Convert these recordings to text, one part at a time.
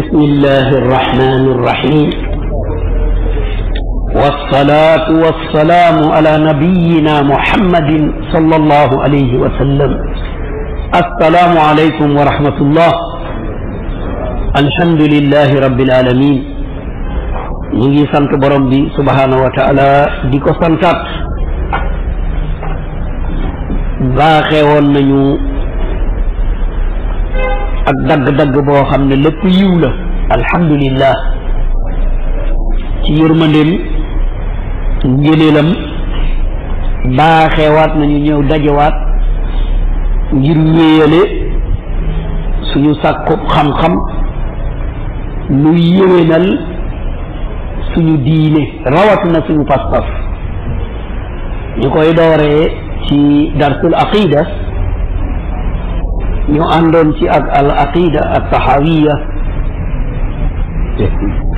بسم الله الرحمن الرحيم والصلاة والسلام على نبينا محمد صلى الله عليه وسلم السلام عليكم ورحمة الله الحمد لله رب العالمين نجي ngi sant سبحانه وتعالى ديكو wa ta'ala ونجو ak dagg-dagg boo xam ne lépp yiw la alhamdulillah ci yërmandeem ngëneelam baaxeewaat nañu ñëw dajewaat ngir wéyale ñu sàkku xam-xam nu yéwénal suñu diine rawat na suñu pas-pas ñu koy dooree ci darsul aqida ñoo andon ci ak al aqida ak taxawiya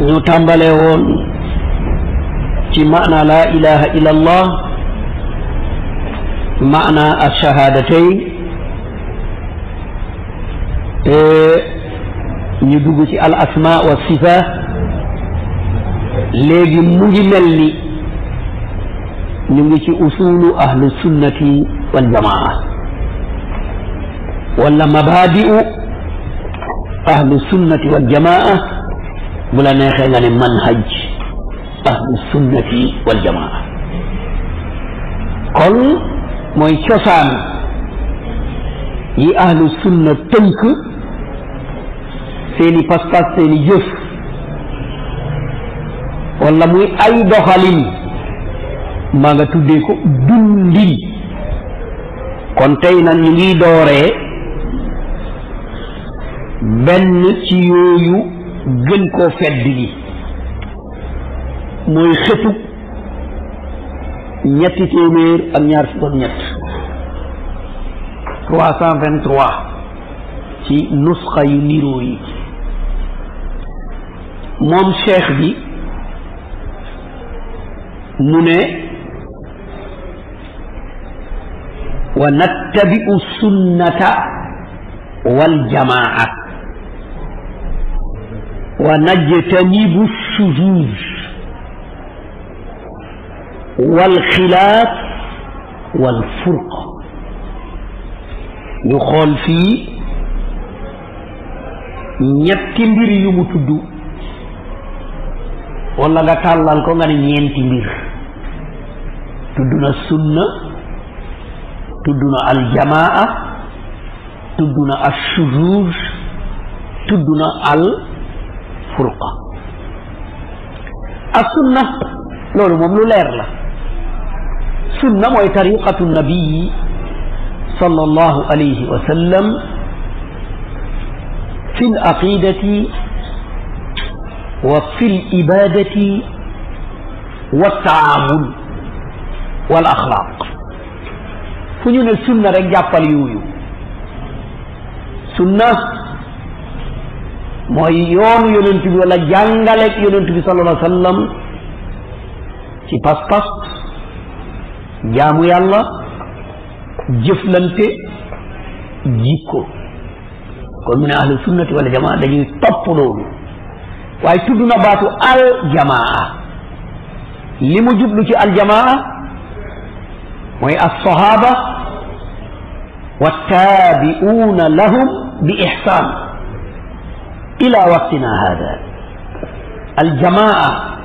ñu tàmbalee woon ci maana la ilaha illa allah maana ash-shahadatay eh, ñu dugg ci al asma wa sifa legi mu ngi mel ni ñu ngi ci usulu ahlu sunnati wal jamaa wala mabadi'u ahlu sunnati wal jamaa bu la neexee nga ne manhaj ahlu sunnati wal jamaa kon mooy cosaan yi ahlu sunna tënk seeni pas-pas seeni jëf wala muy ay doxalin maa nga tuddee ko dundin kon tey nag ñu ngi benn ci yooyu gën koo fedd li mooy xëtug ñetti téeméer ak ñaar fukk ak ñett ci nusxa yu niroo moom cheikh bi mu ne wa nattabi'u sunnata wal jamaa ونجتنب الشذوذ والخلاف والفرقة نقول في نيتي مير يوم تدو ولا غا تالال كو غاني نيتي مير تدونا السنه تدونا الجماعه تدونا الشذوذ تدونا ال... فرقة السنة لم مملو ليرلا سنة وطريقة النبي صلى الله عليه وسلم في العقيدة وفي الإبادة والتعامل والأخلاق fu السنة رجع فاليويو سنة mooy yoonu yonent bi wala jàngaleeg yonent bi sallallahu alayhi wa sallam ci pas-pas jaamu yàlla jëflante jikko kon mu ne ahlu sunnati wala jamaa dañuy topp loolu waaye tudd na baatu al jamaa li mu jublu ci al jamaa mooy as-sahaaba wa taabi'uuna lahum bi ihsaan ila waqtina hada aljamaa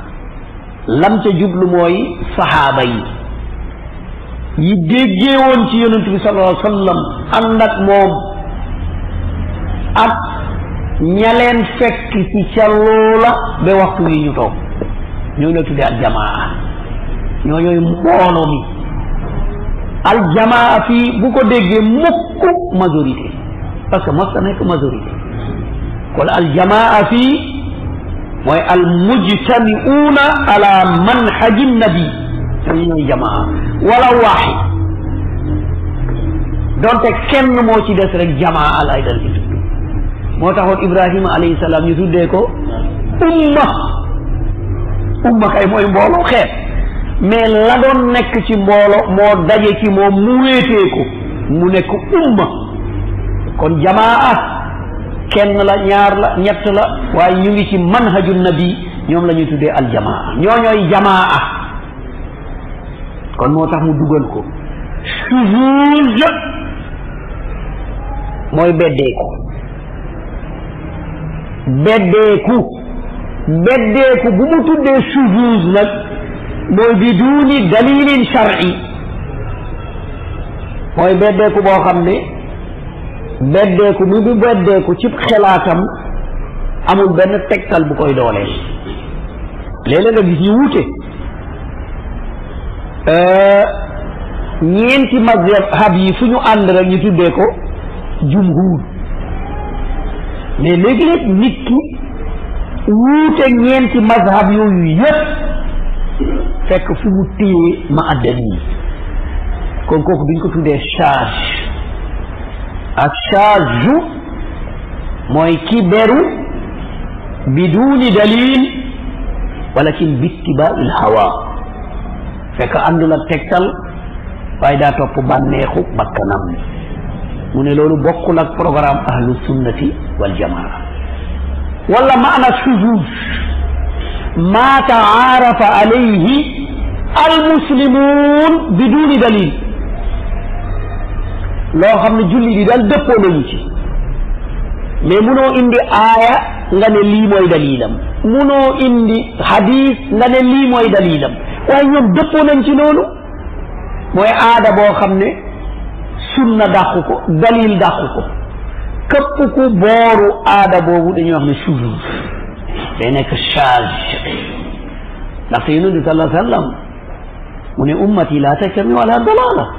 lam ca jublu mooy saxaaba yi yi déggee woon ci yonent bi sallallahu alayhi wa moom ak ña fekk ci ca loola ba waxtu ñu toog ñooñu la tuddee aljamaa ñooñooy mbooloo aljamaa fii bu ko déggee mukk majorité parce que mos ma nekk قل الجماعة في والمجتمعون على منحج النبي سمين الجماعة ولا واحد دونت كم موتي في الجماعة على هذا الفيديو موتا هون إبراهيم عليه السلام يسود ديكو أمة أمة كاي موي مولو خير مي لدون نك تي مولو مو داجي تي مو مولي تيكو مو نك أمة كون جماعة kenn la ñaar la ñett la waaye ñu ngi ci manhaju nabi ñoom tuddee al tuddee aljamaa ñooñooy jamaa kon moo tax mu dugal ko shuzuuz mooy beddeeku beddeeku beddeeku bu mu tuddee shuzuuz nag mooy biduuni dalilin shar'i mooy beddeeku boo xam ne beddeeku mi bu beddeeku ci xelaatam amul benn tegtal bu koy dooleel léeg-léeg nga gis ñu wuute euh, ñeenti mazhab yi fu ñu ànd rek ñu tuddee ko jumhur mais léegi nag nit ki wuute ñeenti mazhab yooyu yëpp fekk fu mu téye ma addan yi kon kooku duñ ko tuddee charge الشاذ مويكي بيرو بدون دليل ولكن باتباع الهوى فك عند لا تكتل فايدا توب بانيخو بكنام من لولو بوكو لك بروغرام اهل السنه والجماعه ولا معنى الشذوذ ما تعارف عليه المسلمون بدون دليل loo xam ne julli bi daal dëppoo nañu ci mais munoo indi aaya nga ne lii mooy dalilam munoo indi hadith nga ne lii mooy dalilam waaye ñoom dëppoo nañ ci loolu mooy aada boo xam ne sunna dàqu ko dalil dàqu ko képp ku booru aada boobu dañuy wax ne shuzuuz day nekk charge ndaxte yonent bi sallallahu alayhi wa sallam mu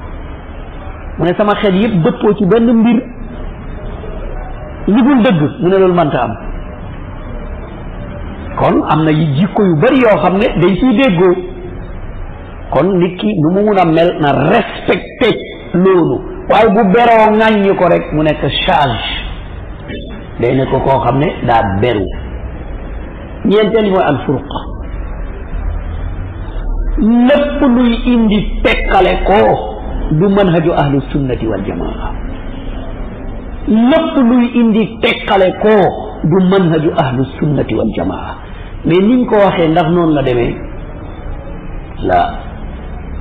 mooy sama xel yëpp dëppoo ci benn mbir lu dul dëgg mu ne loolu mënta am kon am na jikko yu bari yoo xam ne dañ ciy déggoo kon nit ki nu mu mun a mel na respecté loolu waaye bu beroo ŋàññi ko rek mu nekk charge day ne ko koo xam ne daa beru ñeenteel mooy al furq luy indi tekkale ko du manhaju ahlu sunnati wal jamaa lépp lu indi teqale koo du manhaju ahlu sunnati wal jamaa niñ ko waxee ndax noonu la demee la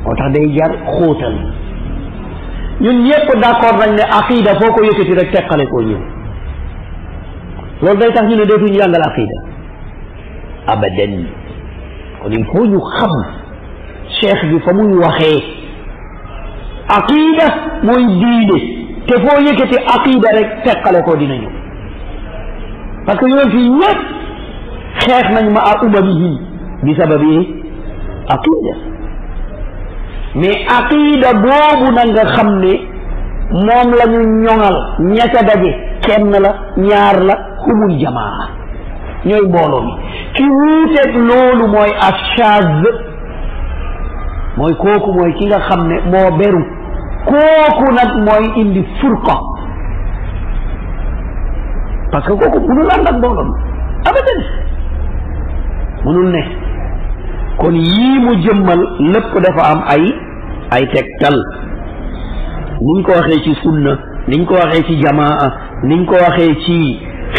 moo tax day jar xóotal ñun ñëpp d'accord nañ ne aqida foo ko yëkkati rek teqale ko ñëw loolu day tax ñu ne dootuñu jàngal aqida abadan kon il faut ñu xam cheikh bi fa muy waxee aqida mooy diine te foo yëkkati aqida rek teqale ko dina ñëw parce que yonent xeex nañ ma a umamihim bi sababi aqida mais aqida boobu na nga xam ne moom la ñoŋal ña ca daje kenn la ñaar la humul jamaa ñooy mbooloo mi ki wuuteeg loolu mooy achaz mooy kooku mooy ki nga xam ne moo beru kooku nag mooy indi furqa parce que kooku mënul ànd ak mbooloom abadan mënul ne kon yii mu jëmmal lépp dafa am ay ay tegtal niñ ko waxee ci sunna niñ ko waxee ci jamaa niñ ko waxee ci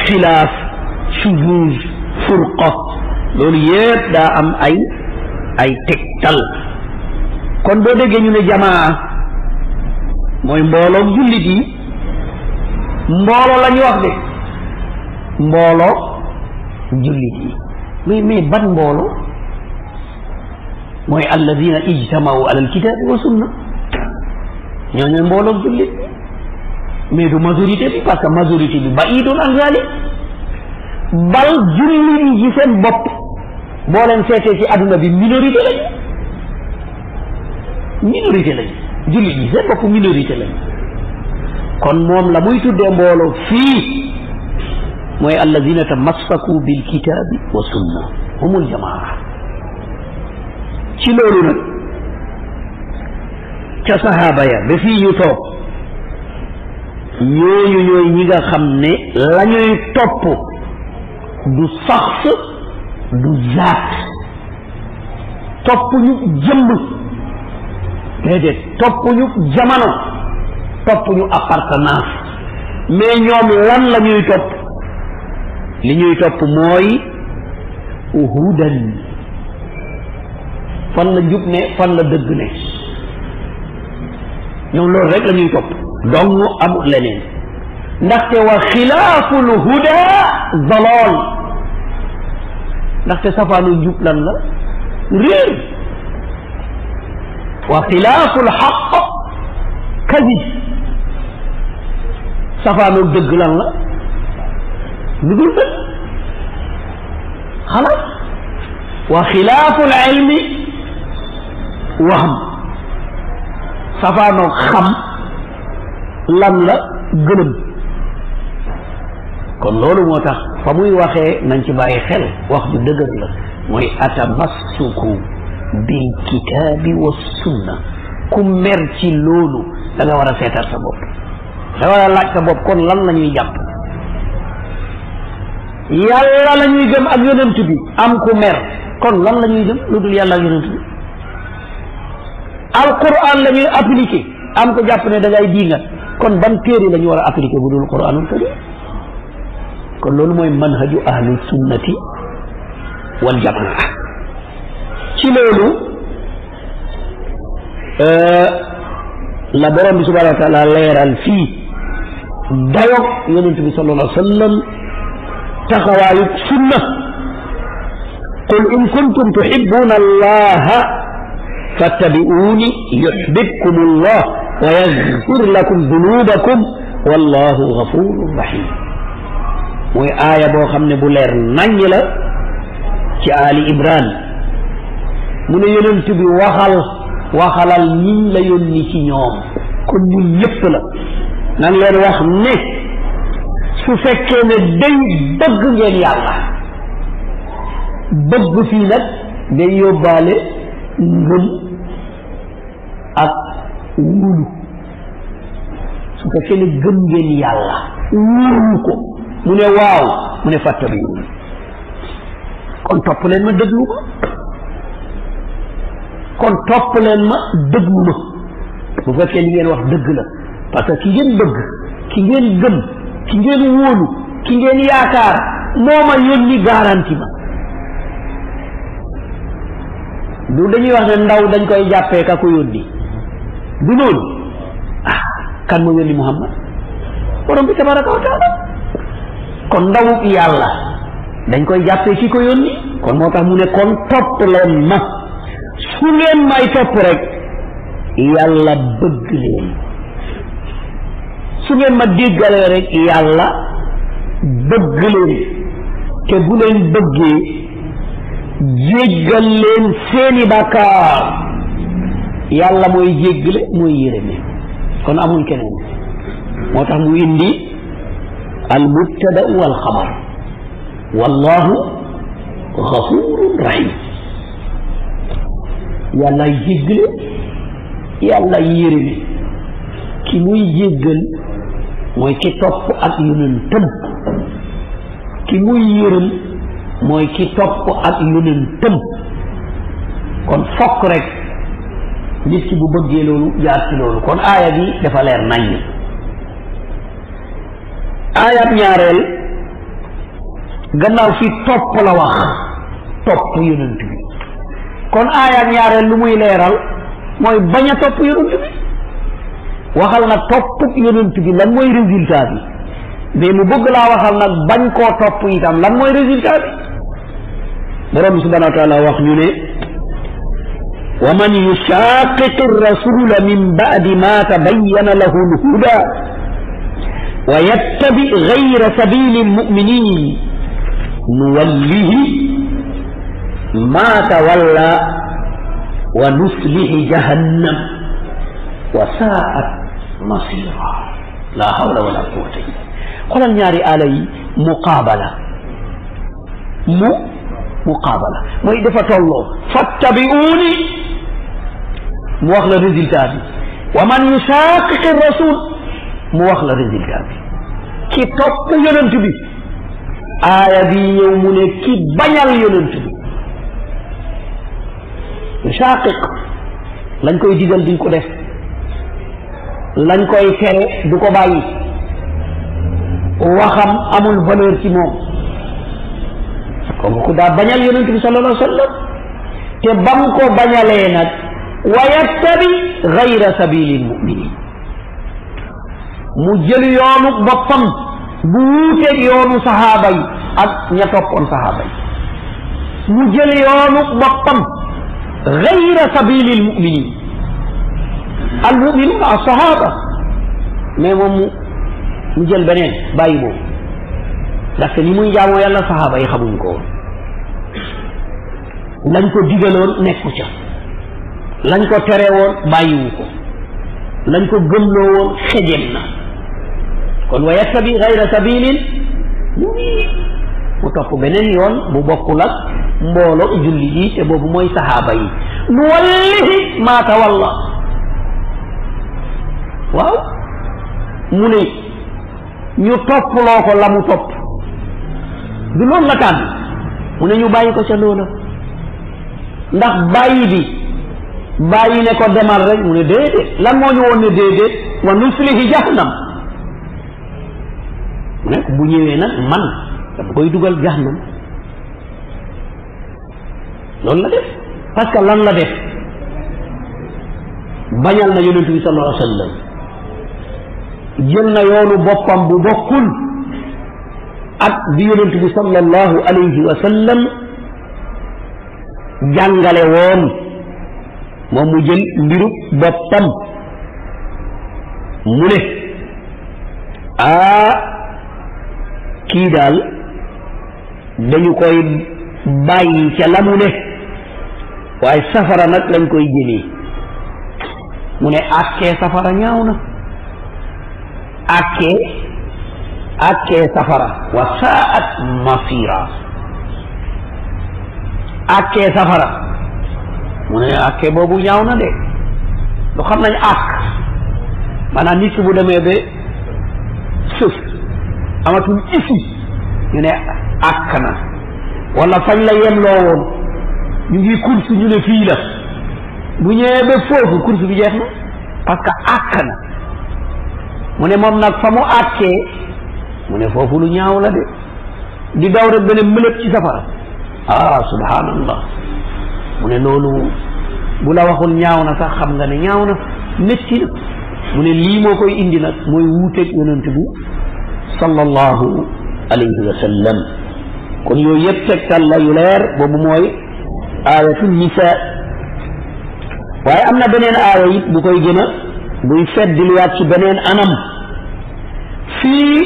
xilaaf shuzuz furqa loolu yépp daa am ay ay tegtal kon boo déggee ñu ne jamaa mooy mbooloo jullit yi mbooloo lañu ñu wax de mbooloo jullit yi mais mais ban mbooloo mooy alladina ijtamaw ala alkitabi wa sunna ñoo ñooy mbooloo jullit mais du majorité bi parce que majorité bi ba idun an zalik bal jullit yi ci seen bopp boo leen seetee ci adduna bi minorité lañu minorité lañu jullit ñi seen bopp minorité lañ kon moom la muy tuddee mbooloo fii mooy alladina tamassaku bil kitaabi wa sunna humul jamaa ci loolu nag ca sahaaba ya ba fii ñu ñooñu ñooy ñi nga xam ne la topp du sax du zaat topp ñu jëmm déedéet toppuñu jamono toppuñu appartenance mais ñoom lan la ñuy topp li ñuy topp mooy hudan fan la jub ne fan la dëgg ne ñoom loolu rek la ñuy topp dong amul leneen ndaxte wa xilaaful huda dalaal ndaxte safaanu jub lan la réer وخلاف الحق كذب صفا نو دغ لان لا خلاص وخلاف العلم وهم صفا نو خم لان لا غلم كون لولو موتاخ فاموي واخي نانتي باي خيل واخ دي دغ لا موي اتمسكو bil kitaabi wa sunna ku mer ci loolu da war a seetaat sa bopp da war a laaj sa bopp kon lan la ñuy jàpp yàlla la ñuy ak yonent bi am ku mer kon lan la ñuy gëm lu dul yàlla ak yonent bi alquran la ñuy appliqué am ko jàpp ne da ngay diinga kon ban téere la war a appliqué bu dul quranul karim kon loolu mooy manhaju ahlu sunnati wal ci lolu euh la borom bi subhanahu wa ta'ala leral fi dayok yonentou bi sallallahu قل إن كنتم تحبون الله فاتبعوني يحببكم الله ويغفر لكم ذنوبكم والله غفور رحيم وآية بو نبولير بولير نانيلا في إبراهيم mu ne yonent bi waxal waxalal ñiñ la yónni ci ñoom kon ñu ñëpp la nan leen wax ne su fekkee ne day bëgg ngeen yàlla bëgg fii nag day yóbbaale ngëm ak wulu su fekkee ne gëm ngeen yàlla wulu ko mu ne waaw mu ne fàttabiwul kon topp leen ma déglu ko kon topp leen ma dëglu ma bu fekkee li ngeen wax dëgg la parce que ki ngeen bëgg ki ngeen gëm ki ngeen wóolu ki ngeen yaakaar moo ma yónni garanti ma du dañuy wax ne ndaw dañ koy jàppee ka ko yónni du noonu ah kan moo yónni Muhammad borom bi tabaraka wa taala kon ndawu yàlla dañ koy jàppee ki ko yónni kon moo tax mu ne kon topp leen ma su leen may topp rek yàlla bëgg leen su ngeen ma déggalee rek yàlla bëgg leen te bu leen bëggee jéggal leen seeni bàkkaar yàlla mooy jéggale mooy yërëme kon amul keneen moo tax mu indi al mubtada wal xabar wallahu gafurun rahim yàllaay jéggale yàllaay yërëme ki muy jéggal mooy ki topp ak yonentam ki muy yërëm mooy ki topp ak yonentam kon fokk rek nit bu bëggee loolu jaar loolu kon aaya bi dafa leer naññ aayab ñaareel gannaaw fi topp la wax topp yonent bi kon aya ñaareel lu muy leral moy baña top topp bi waxal nag topp yonent bi lan moy résultat bi be mu bëgg la waxal nak bañ ko top itam lan moy résultat bi borom subhanahu wa taala wax ñu ne ومن يشاقق الرسول من بعد ما تبين له الهدى ويتبع غير سبيل المؤمنين نوليه ما تولى ونصلح جهنم وساءت مصيرا لا حول ولا قوة إلا بالله قلن ياري علي مقابلة مو مقابلة وإذا الله فاتبعوني مواخلة رزي الكابي ومن يشاقق الرسول مواخلة رزي الكابي كي تطو يننتبي آية دي يومنا كي بيال يننتبي shaqiq lañ koy digal duñ ko def lañ koy tere du ko bàyyi waxam amul valeur ci moom kooku daa bañal yonent wa sallam te bam ko bañalee nag wa yattabi gayra mu jël yoonu boppam bu wuuteeg yoonu sahaaba ak ña toppoon sahaaba mu jël yoonu boppam غير سبيل المؤمنين المؤمنون الصحابة مي مومو نجل بنين بايبو لكن لي موي جامو يالا صحابة يخبون كو لن كو ديغلون نيكو تيا لن كو تريون باي مو كو خجلنا كون ويتبي غير سبيل المؤمنين mu topp beneen yoon bu bokkul ak mbooloo julli yi te boobu mooy saxaaba yi nu wallihi maa tawalla waaw mu ne ñu topp loo ko la mu topp du loolu la tànn mu ne ñu bàyyi ko ca loola ndax bàyyi bi bàyyi ne ko demal rek mu ne déedéet lan moo ñu woon ne déedéet wa nuslihi jahannam mu bu ñëwee nag man koy dugal jahannam loolu la def parce que lan la def bañal na yonent bi sallallahu wa sallam jël na yoonu boppam bu bokkul ak bi yonent bi sallallahu alayhi wa sallam jàngale woon moom mu jël mbiru boppam mu ne aa kii daal dañu koy bàyyi ca lamu ne waay safara nag lañ koy jëlee mu ne àkkee safara ñaaw na àkkee àkkee safara wa saat masira safara mu ne àkkee boobu ñaaw na de lu xam nañ àkk maanaam nit ki bu demee ba suuf amatul ifi ñu ne àkk na wala fañ la yemloo woon ñu ngi course ñu ne fii la bu ñëwee ba foofu course bi jeex na parce que àkk na mu ne moom nag fa mu àkkee mu ne foofu lu ñaaw la de di daw rek mëlëb ci safara ah subhanallah mu ne loolu bu la waxul ñaaw na sax xam nga ne ñaaw na métti na mu ne lii moo koy indi nag mooy wuuteeg yonent bi sallallahu alayhi wa kon yooyu yëpp tegtal la yu leer boobu mooy aayatu nisaa waaye am na beneen aaya it bu koy gën a buy feddiliwaat ci beneen anam fii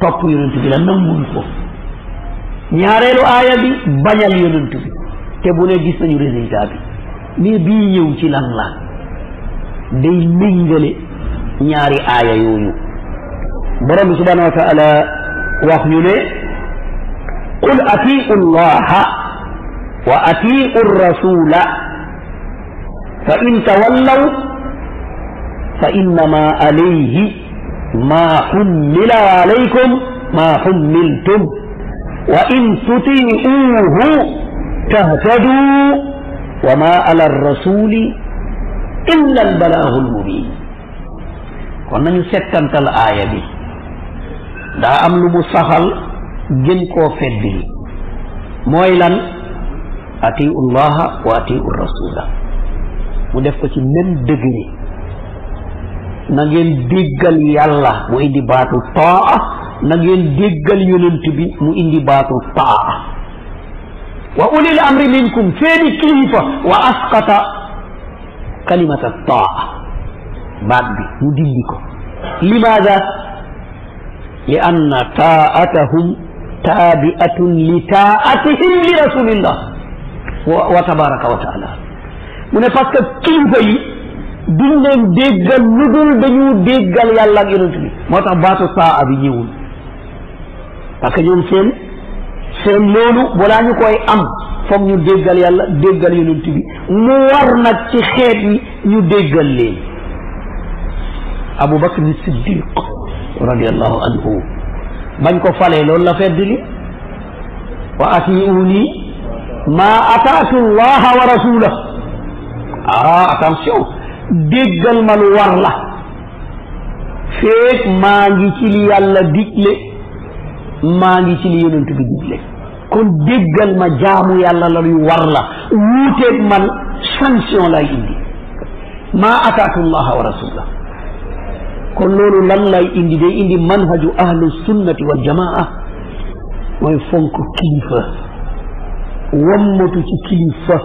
topp yonent bi la nangul ko ñaareelu aaya bi bañal yonent bi te bu ne gis nañu résultat bi mais bii ñëw ci lan la day méngale ñaari aaya yooyu borom bi subhanahu wa wax ñu ne qul atiu llaha wa atiu rasula fa in tawallaw fa innama alayhi ما حمل عليكم ما حملتم وإن تطيعوه تهتدوا وما على الرسول إلا البلاغ المبين كنا يسكن الآية دي da am lu mu saxal gën koo feddili mooy lan atiu llaha wa atiu rasula mu def ko ci même degré na ngeen déggal yàlla mu indi baatu taa na ngeen déggal yonent bi mu indi baatu taa wa ulil amri minkum seeni kilifa wa asqata kalimata taa baat bi mu dindi ko limaada li anna taatahum taabiatun li taatihim li rasulillah wa tabaraka wa taala mu ne parce que kilifa yi duñ leen déggal lu dul dañu déggal yàlla ak yonent bi moo tax baatu saa bi ñëwul parce que ñoom seen seen loolu balaa ñu koy am foog ñu déggal yàlla déggal yonent bi mu war nag ci xeet wi ñu déggal leen Abu Bakr Siddiq radiallahu anhu bañ la fedd li wa atiuni ma ataatu llaha wa rasulah ah ma lu war feek maa ngi ci li yàlla digle maa kon déggal ma jaamu yàlla la luy war la wuuteeg man sanction lay indi ma ataatu llaha wa rasulah kon loolu lan lay indi day indi manhaju ahlu sunnati wal jamaa mooy fonk kilifa wammatu ci kilifa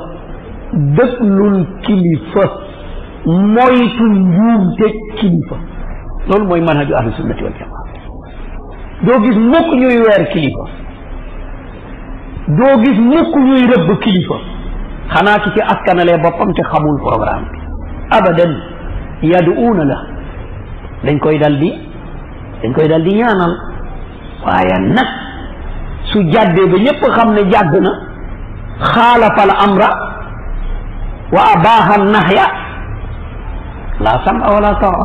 dëflul kilifa moytu njuumte kilifa loolu mooy manhaju ahlu sunnati wal jamaa doo gis mukk weer kilifa doo gis mukk ñuy rëbb kilifa ki ci askanalee boppam te xamul programme bi abadan yaduuna la dañ koy dal di dañ koy dal di ñaanal waaye nag su jàddee ba ñépp xam ne jàdd na xaalafa al amra wa abaaha nahya laa sama wala taa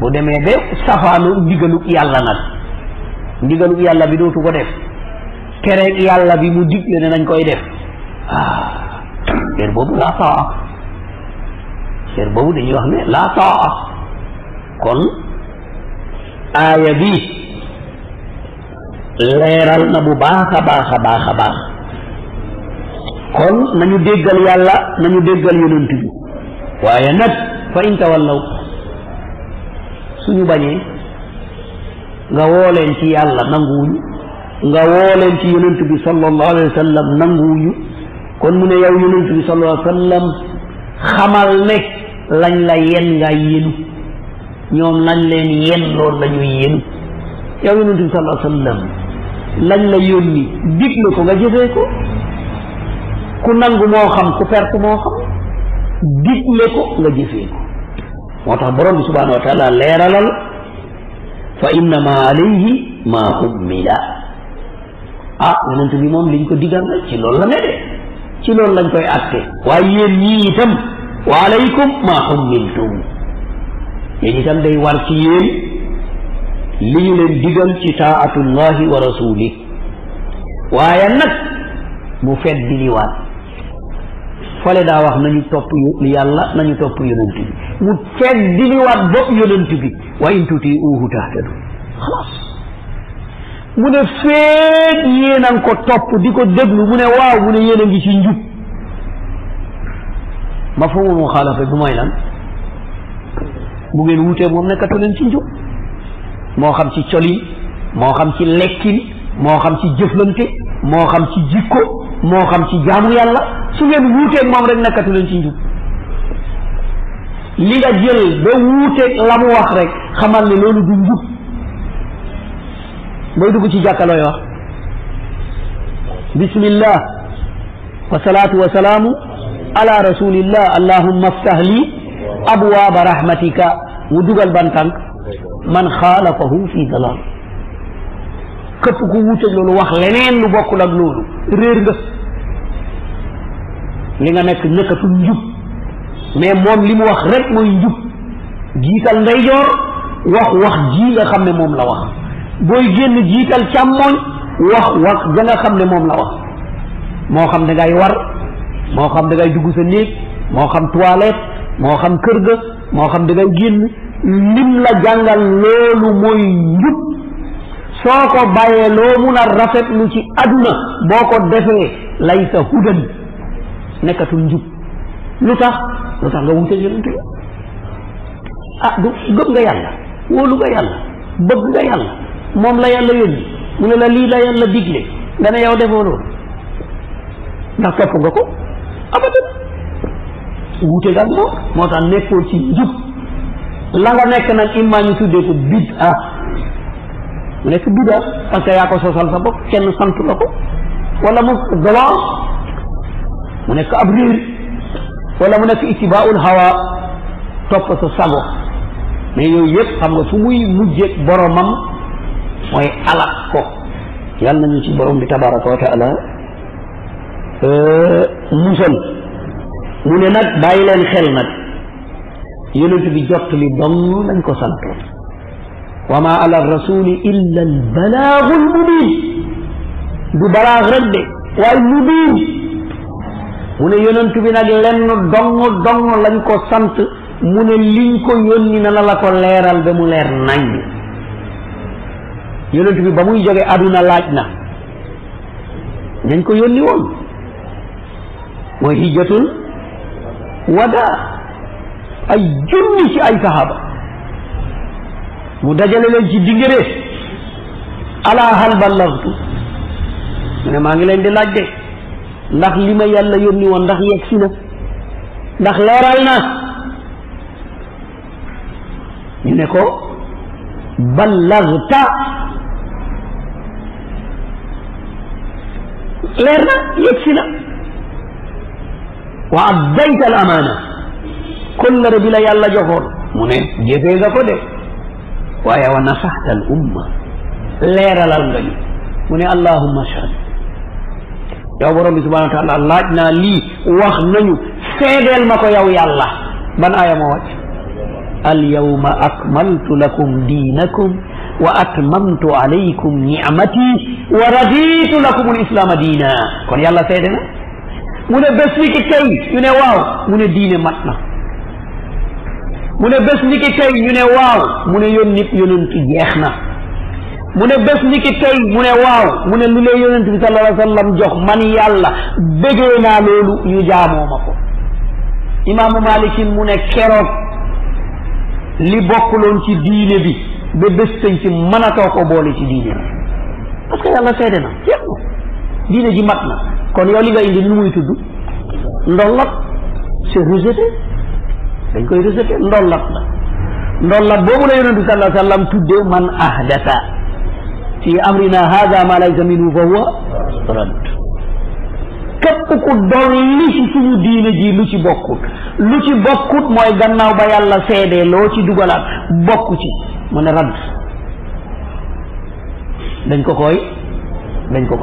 bu demee ba safaanu ndigalug yàlla nag ndigalug yàlla bi dootu ko def tereeg yàlla bi mu digle ne nañ koy def ah teer boobu laa taa teer boobu dañuy wax ne laa taa kon aaya bi leeral na bu baax a baax a baax a baax kon nañu déggal yàlla nañu déggal yonent bi waaye nag fa in tawallaw suñu bañee nga woo leen ci yàlla nanguwuñu nga woo leen ci yonent bi sallallahu alayhi wa nanguwuñu kon mu ne yow yonent bi sallallahu alayhi xamal ne lañ la yen nga yénu ñoom lañ leen yelloo la ñuy yenu yow yonent bi sallallahu alayhi wa sallam lañ la yónni digle ko nga jëfee ko ku nangu moo xam ku perte moo xam digle ko nga jëfee ko moo tax borom bi subhanahu wa taala leeralal fa innama alayhi ma ummila ah yonent bi moom liñ ko digal ci lool la ne ci loolu lañ koy atte waaye yéen ñii itam wa alaykum ma ummiltum mais itam day war ci yéen li ñu leen digal ci taatullahi wa rasuli waaye nag bu feet bi ni waat fale daa wax nañu topp yàlla nañu topp yonent bi mu feet di ni waat bopp yonent bi wa in tuti uhu tahtadu xalaas mu ne feet yéenan ko topp di ko déglu mu ne waaw mu ne yéen a ngi ci njub mafamu mu xaalafe bu may lan bu ngeen wutee moom nekkatu leen ci njub moo xam ci colin moo xam ci lekkin moo xam ci jëflante moo xam ci jikko moo xam ci jaamu yàlla su ngeen wuuteeg moom rek nekkatu leen ci njub li nga jël ba wuuteeg la mu wax rek xamal ne loolu du njub booy dugg ci jàkka looy wax bismillah wa salaatu wa salaamu ala rasulillah aftah lii abwaaba rahmatika mu dugal ban tànk man xaalafahu fi dalal këpp ku wuuteeg loolu wax leneen lu bokkul ak loolu réer nga li nga nekk nekkatul njub mais moom li mu wax rek mooy njub jiital ndeyjoor wax wax xam ne moom la wax booy génn jiital càmmooñ nga xam ne moom la wax moo xam da ngay war moo xam da dugg sa néeg moo xam toilette moo xam kër ga moo xam da ngay génn lim la jàngal loolu mooy njub soo ko bàyyee loo mun a rafetlu ci àdduna boo ko defee lay sa hudan nekkatul njub lu tax lu tax nga wute yonent bi ah du nga yàlla wóolu nga yàlla bëgg nga yàlla moom la yàlla yónni mu ne la lii la yàlla digle nga ne yow defoo loolu ndax topp nga ko abadan wuute ak moom moo tax nekkoo ci jub la nga nekk nag imma ñu tuddee ko bid'a mu nekk bid'a parce que yaa ko sosal sa bopp kenn sant la ko wala mu dalaal mu nekk ab réer wala mu nekk ittibaa'ul hawa topp sa sago mais yooyu yëpp xam nga fu muy mujjeeg boromam mooy alak ko yàlla nañu ci borom bi tabaraka wa taala euh, musal mu ne nag bàyyi leen xel nag yonent bi jot li dong lañ ko santoon wa ma ala rasuli illa al balaagul mubin du balaag rek de waaye mubin mu ne yonent bi nag lenn dong dong lañ ko sant mu ne liñ ko yónni na la ko leeral ba mu leer nañ yonent bi ba muy jóge aduna laaj na nañ ko yónni woon mooy hijjatul wadaa ay junni ci ay saxaaba mu dajale leen ci diggarees ala hal ballagtu mu ne maa ngi leen di laaj de ndax li ma yàlla yónni woon ndax yegg na ndax leeral na ñu ne ko ballagta leer na yegg na wa addayta al amaana kóllëre bi la yàlla joxoon mu ne jëfee nga ko de waaye wa nasaxta al umma leeralal nga ñu mu ne allahumma ashhad yow borom bi subhanahu wa taala laaj naa lii wax nañu seedeel ma ko yow yàlla ban aaya moo wàcc al yawma akmaltu lakum diinakum wa atmamtu alaykum ni'mati wa raditu lakum al islaama diina kon yàlla seede na mu ne bés ni ki tey ñu ne waaw mu ne diine mat na mu ne bés ni ki tey ñu ne waaw mu ne yoon nit yonentu jeex na mu ne bés ni ki tey mu ne waaw mu ne lu lay yonent bi sallallahu alayhi jox man yàlla bëggee naa loolu ñu jaamoo ma ko imaamu malikin mu ne keroog li bokkuloon ci diine bi ba bés sañ ci mënatoo ko boole ci diine bi parce yàlla seede na jeex na diine ji mat na kon yow li nga indi lu muy tudd ndollat c'est rejeté dañ koy rejeté ndollat la ndollat boobu la yonent bi sallallahu man ahdata fi amrina hada ma laysa minhu fa huwa radd képp ku dolli ci suñu diine ji lu ci bokkut lu ci bokkut mooy gannaaw ba yàlla seedee loo ci dugalaat bokku ci mu radd dañ ko koy dañ ko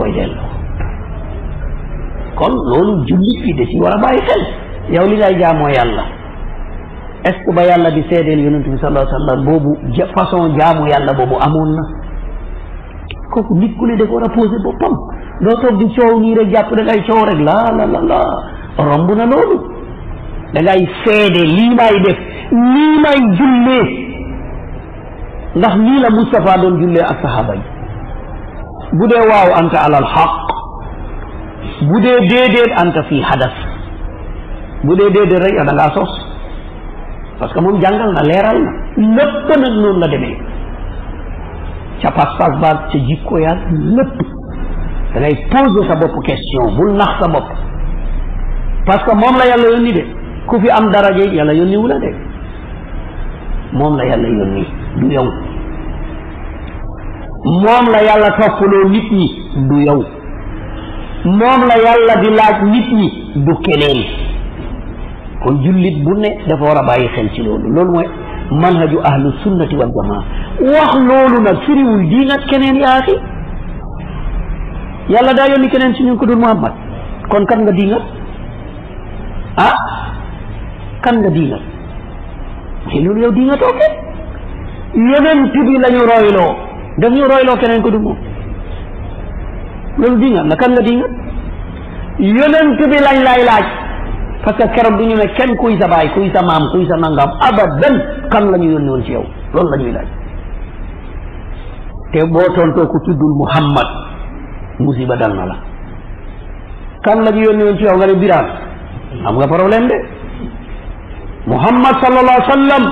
kon loolu jullit yi da ci war a bàyyi xel yow li ngay jaamoo yàlla est ce ba yàlla di seedeel yonent bi sallallahu alayhi wa boobu façon jaamu yàlla boobu amoon na kooku nit ku ne da ko war a posé boppam doo toog di coow nii rek jàpp da ngay coow rek la la la la romb na loolu da ngay lii may def lii may jullee ndax lii la Moustapha doon jullee ak sahaaba bu dee waaw anta alal xaq bu dee déedéet anta fii hadas bu dee déedéet rek yow da ngaa parce que moom jàngal na leeral na lépp nag noonu la demee ca pas-pas baag ca jikko yaag lépp da ngay sa bopp question bul nax sa bopp parce que moom la yàlla yónni de ku fi am daraje yàlla yónni wu la de moom la yàlla yónni du yow moom la yàlla toppaloo nit ñi du yow moom la yàlla di laaj nit ñi bu keneen kon jullit bu ne dafa war a bàyyi xel ci loolu loolu mooy manhaju ahlu sunnati wal jamaa wax loolu nag firiwul dii nag keneen yaa yàlla daa yónni keneen ci ñu ko dul muhammad kon kan nga dii nga ah kan nga dii nga te loolu yow dii nga tooke yonent bi la ñu royloo daf ñu royloo keneen ko dul moom loolu di nga na kan la di nga yonent bi lañ lay laaj parce que keroog du ñu ne kenn kuy sa baay kuy sa maam kuy sa nangam abadan kan la ñu yónni ci yow loolu la ñuy laaj te boo tontoo ku tuddul Muhammad musiba dal na la kan lañu ñu yónni ci yow nga ne biraan am nga problème de Muhammad sallallahu alayhi wa sallam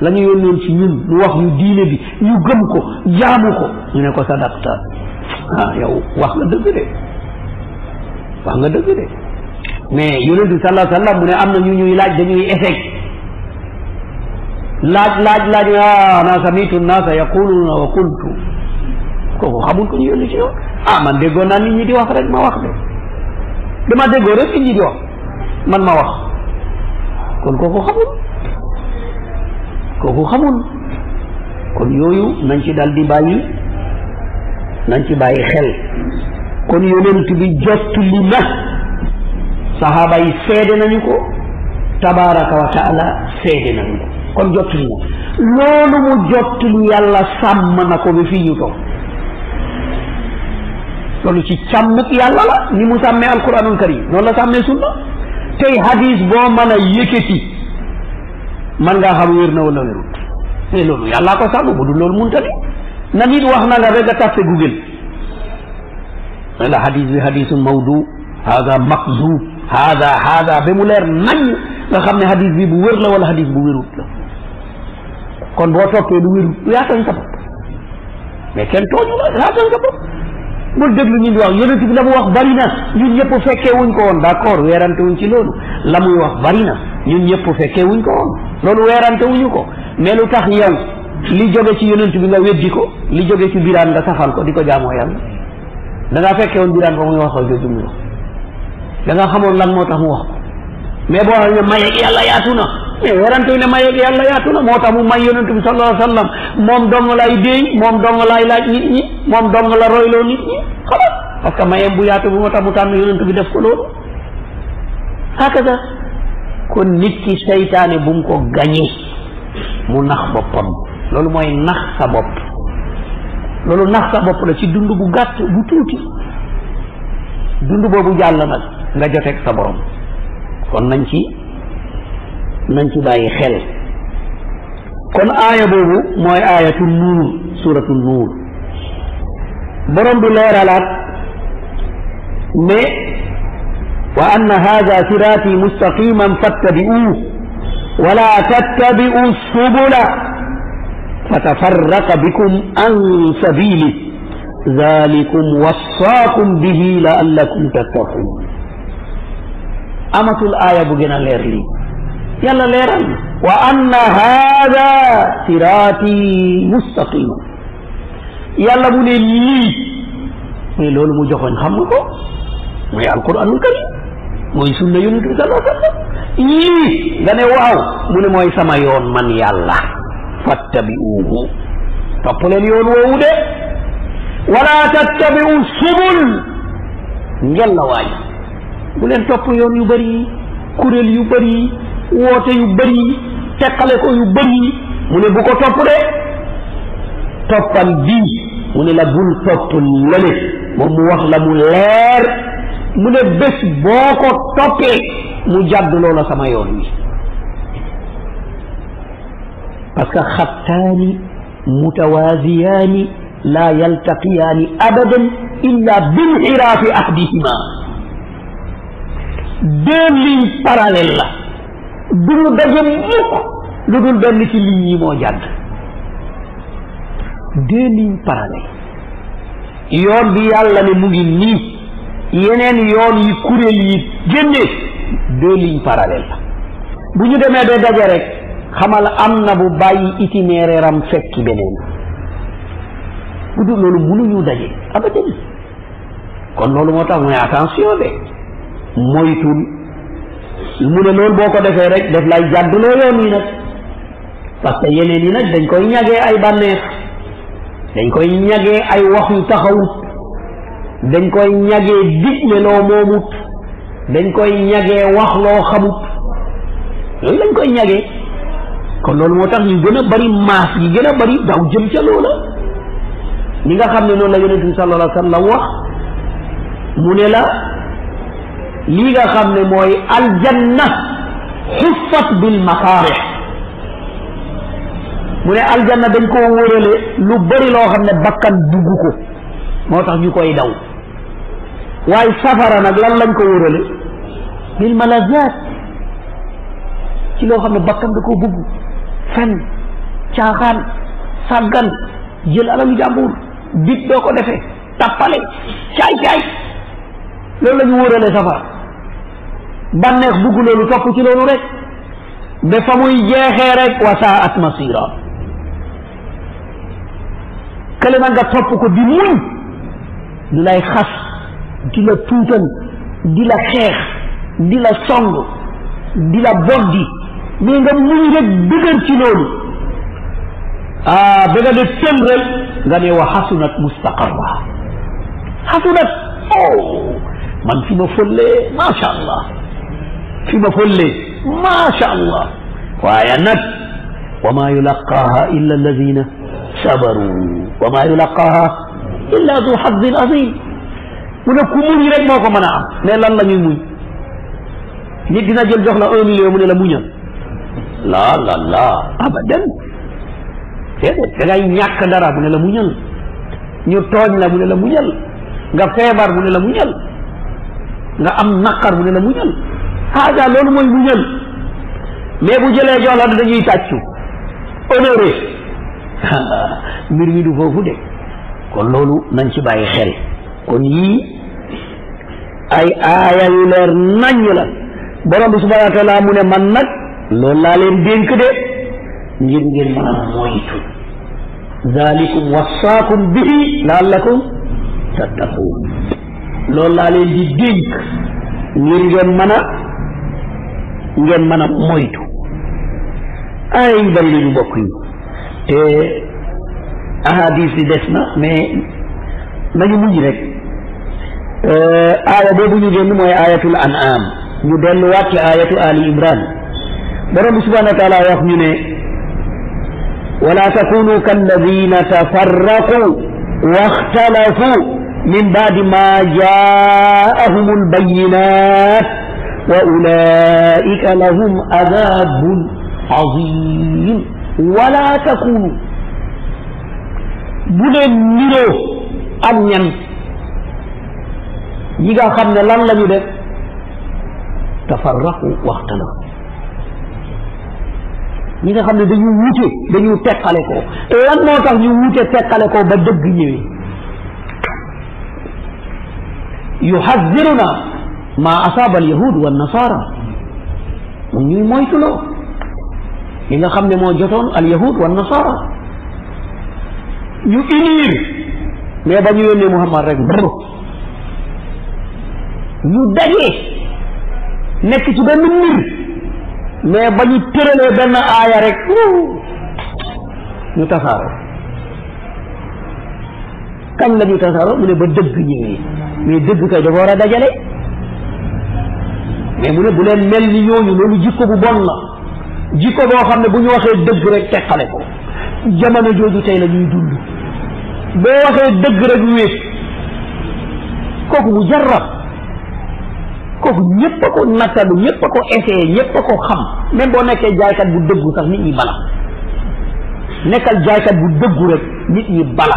la ci ñun lu wax ñu diine bi ñu gëm ko jaamu ko ñu ne ko sadaqta ah yow wax nga dëgg de wax nga dëgg de mais yonent bi sallallahu alayhi wa sallam mu ne am na ñu ñuy laaj dañuy échec laaj laaj laaj ah ana samitu nnaasa yaquluna wa qultu kooku xamul ko ñu yónni ci yoon ah man déggoon naa nit ñi di wax rek ma wax de dama déggoo rek nit ñi di wax man ma wax kon kooku xamul kooku xamul kon yooyu nañ ci dal di bàyyi nañ ci bàyyi xel kon yonent bi jottali na saxaaba yi seede nañu ko tabaraka wa taala seede nañu ko kon jottali na loolu mu jottali yàlla sàmm na ko bi fii ñu toog loolu ci càmmuk yàlla la ni mu sàmmee alquranul karim noonu la sàmmee sunna tey hadis boo mën a yëkkati man ngaa xam wér na wala wérut mais loolu yàllaa ko sàmm bu dul loolu munta ne na nit wax na nga rek nga tapé Google la hadis bi hadisun mawdu hada maqzub hada hada ba mu leer nañ nga xam ne hadis bi bu wér la wala hadis bu wérut kon boo toppee lu wérut yaa tooñ sa bopp mais kenn tooñu la yaa ñu di wax yonent bi la mu wax bari na ñu ñëpp fekkee wuñ ko woon d' accord weerante wuñ ci loolu la muy wax bari na ñun ñëpp fekkee wuñ ko woon loolu weerante wuñu ko mais tax yow li jóge ci yonent bi nga weddi ko li jóge ci biraan nga safal ko di ko jaamoo yàlla da fekke woon biraan ba muy waxoo jooju muy wax da nga xamoon lan moo tax mu wax ko mais boo na mais werante ne mayeeg yàlla yaatu na moo tax mu may yonent bi sallallahu alayhi wa sallam moom dong laay déey moom dong laay laaj nit ñi moom dong la royloo nit ñi xalaat parce que bu yaatu bi moo tax mu tànn yonent bi def ko loolu hakaza kon nit ki seytaane bu mu ko gañee mu nax boppam lolou moy nax sa bop lolou nax sa bop la ci dundu bu gàtt bu tuti dundu bobu jàll nak nga joteeg sa borom kon nañ ci nañ ci bàyyi xel kon aya bobu moy ayatul nur suratul nur borom bi leralat ne wa anna hada siraati mustaqiman fattabi'uuh wala tattabi'u subula فتفرق بكم عن سبيله ذلكم وصاكم به لعلكم تتقون امت الايه بغنا ليرلي يلا ليرل وان هذا صراطي مستقيم يلا بني لي مي لول مو جوخون خمكو مي القران الكريم مي سنه يونس صلى سنة عليه وسلم لي غني واو مو ني موي يون من يالله fattabi'uuhu topp leen yoon woowu de wala tattabi'u subul ngel la waay bu leen topp yoon yu bari kuréel yu bëri woote yu bëri teqale ko yu bëri mu ne bu ko topp de toppal bii mu ne la bul topp lële moom mu wax la mu leer mu ne bés boo ko toppee mu jàdd loola sama yoon wi parce que xattaani mutawaaziyaani laa yaltaqiyaani abadan illa binxiraafi ahdihima deux lignes du ñu daje mukk lu dul benn ci ligne yi moo jàdd deux yoon bi yàlla ne mu ngi nii yeneen yoon yi kuréel yi génne deux lignes bu ñu demee ba daje xamal am na bu bàyyi itinéraire am fekki beneen bu dul loolu mënuñu daje abadan kon loolu moo tax mooy attention de moytul mu ne loolu boo ko defee rek def lay jàdduloo yoon yi nag parce yeneen yi nag dañ koy ñagee ay bànneex dañ koy ñagee ay wax yu taxawut dañ koy ñagee digle loo moomut dañ koy ñagee wax loo xamut loolu dañ koy ñagee kon loolu moo tax ñu gën a bari maas yi gën a bari daw jëm ca loola li nga xam ne noonu la yonent bi sallallahu alayhi wa wax mu ne la lii nga xam ne mooy aljanna xuffat bil makaarix mu ne aljanna dañ koo wóorale lu bari loo xam ne bakkan dugg moo tax ñu koy daw waaye safara nag lan lañ ko wóorale bil malazaat ci loo xam ne bakkan da koo bëgg fen caaxaan sàggan jël alalu jàmbur bit doo ko defee tappale caay-caay loolu la ñu wóorale bànneex bugg loolu topp ci loolu rek ba muy jeexee rek wa saat masira kële na topp ko di muñ di lay xas di la tuutal di la xeex di la song di la boddi نعم مني بدر تلول آه بدل التمر غني وحسنت مستقرة حسنت أوه من في مفلة ما شاء الله في مفلة ما شاء الله وعينت وما يلقاها إلا الذين صبروا وما يلقاها إلا ذو حظ عظيم ونكمل لك ما هو منع نيل الله يموي نيجي نجل جهلا أمي يوم نيل laa la la abadan déedéet da ngay ñàkk dara mu ne la muñal ñu tooñ la mu ne la muñal nga feebar mu ne la muñal nga am naqar mu ne la muñal haada loolu mooy muñal mais bu jëlee jox la dañuy tàccu honoré mbir mi du foofu de kon loolu nañ ci bàyyi xel kon yii ay aaya yu leer naññ la borom bi subhanahu wa taala mu ne man nag lool laa leen dénk de ngir ngeen mën a moytu zalikum wasaakum bihi laallakum tattaquun loolu laa leen di dénk ngir ngeen mën a ngeen mën a moytu ay bari nañu bokk ñu te ahadis yi des na mais nañu mujj rek euh, aaya boobu ñu génn mooy ayatul an'am ñu delluwaat ci ayatu ali borom subhanahu wa taala wax ñu ne wala takunu tafarraqu واختلفوا من بعد ما جاءهم البينات وأولئك لهم عذاب عظيم ولا تكونوا بلن نيرو أم ين يجا خمنا لن لن تفرقوا واختلفوا ñi nga xam ne dañu wute dañu teqale ko lan moo tax ñu wute teqale ko ba dëgg ñëwee yuhaziruna ma asaba alyahud wa nasara mu ñuy moytuloo li nga xam ne moo jotoon alyahud wa nasara ñu unir mais ba ñu yónnee muhammad rek brr ñu daje nekk ci benn mbir mais ba ñu tëralee benn aaya rek ñu tasaaroo kañ la ñuy tasaaroo mu ne ba dëgg ñëwee mais dëgg kay dafa war a dajale mais mu ne bu leen mel ni ñooñu loolu jikko bu bon la jikko boo xam ne bu ñu waxee dëgg rek teqale ko jamono jooju tey la ñuy dund boo waxee dëgg rek wéet kooku mu jarrab kooku ñëpp a ko nattalu ñëpp a ko essayé ñëpp ko xam même boo nekkee jaaykat bu dëggu sax nit ñi bala nekkal jaaykat bu dëggu rek nit ñi bala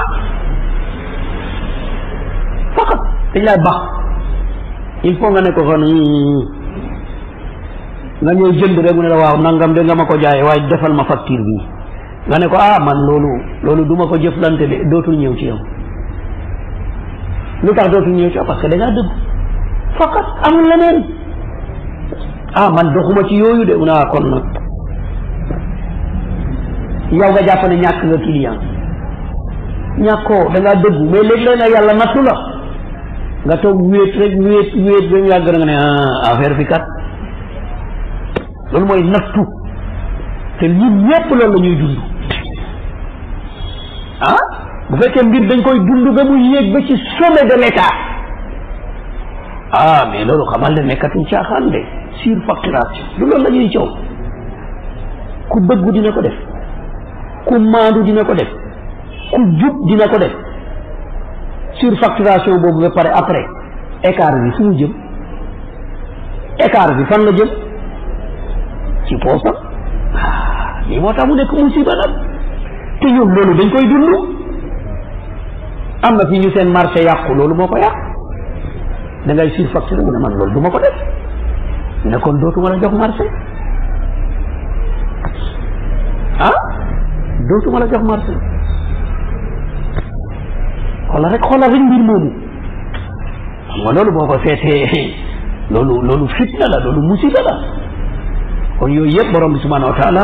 faqat dañ lay baax il faut nga ne ko fan nga ñëw jënd rek mu ne la waaw nangam de nga ma ko jaayee waaye defal ma facture bi nga ne ko ah man loolu loolu duma ko jëflante de dootul ñëw ci yow lu tax dootul ñëw ci yow parce que da ngaa dëggu faqat amul leneen ah man doxuma ci yooyu de naa kon nag yow nga jàpp ne ñàkk nga client ñàkkoo da dëggu mais léegi nag yàlla nattu la nga toog wéet rek wéet wéet ba mu yàgg nga ne ah bi kat loolu mooy nattu te ñun ñëpp loolu la dund ah bu fekkee mbir dañ koy dund ba mu yéeg ba ci sommet de l'état ah mais loolu xamal ne nekkatuñ caaxaan de surfacturation du loolu la ñuy coow ku dëggu dina ko def ku maandu dina ko def ku jub dina ko def surfacturation boobu ba pare après écart bi fu mu jëm écart bi fan la jëm ci poosam ah moo tax mu nekk musiba nag te ñun loolu dañ koy dund am na fi ñu seen marché yàqu loolu moo ko yàq da ngay facture mu ne man loolu du ma ko def ne kon dootu ma la jox marché ah dootu ma la jox marché xoolal rek xola rek mbir moomu xam nga loolu boo ko seetee loolu loolu fitna la loolu musiba la kon yooyu yëpp borom bi subhanahu wa taala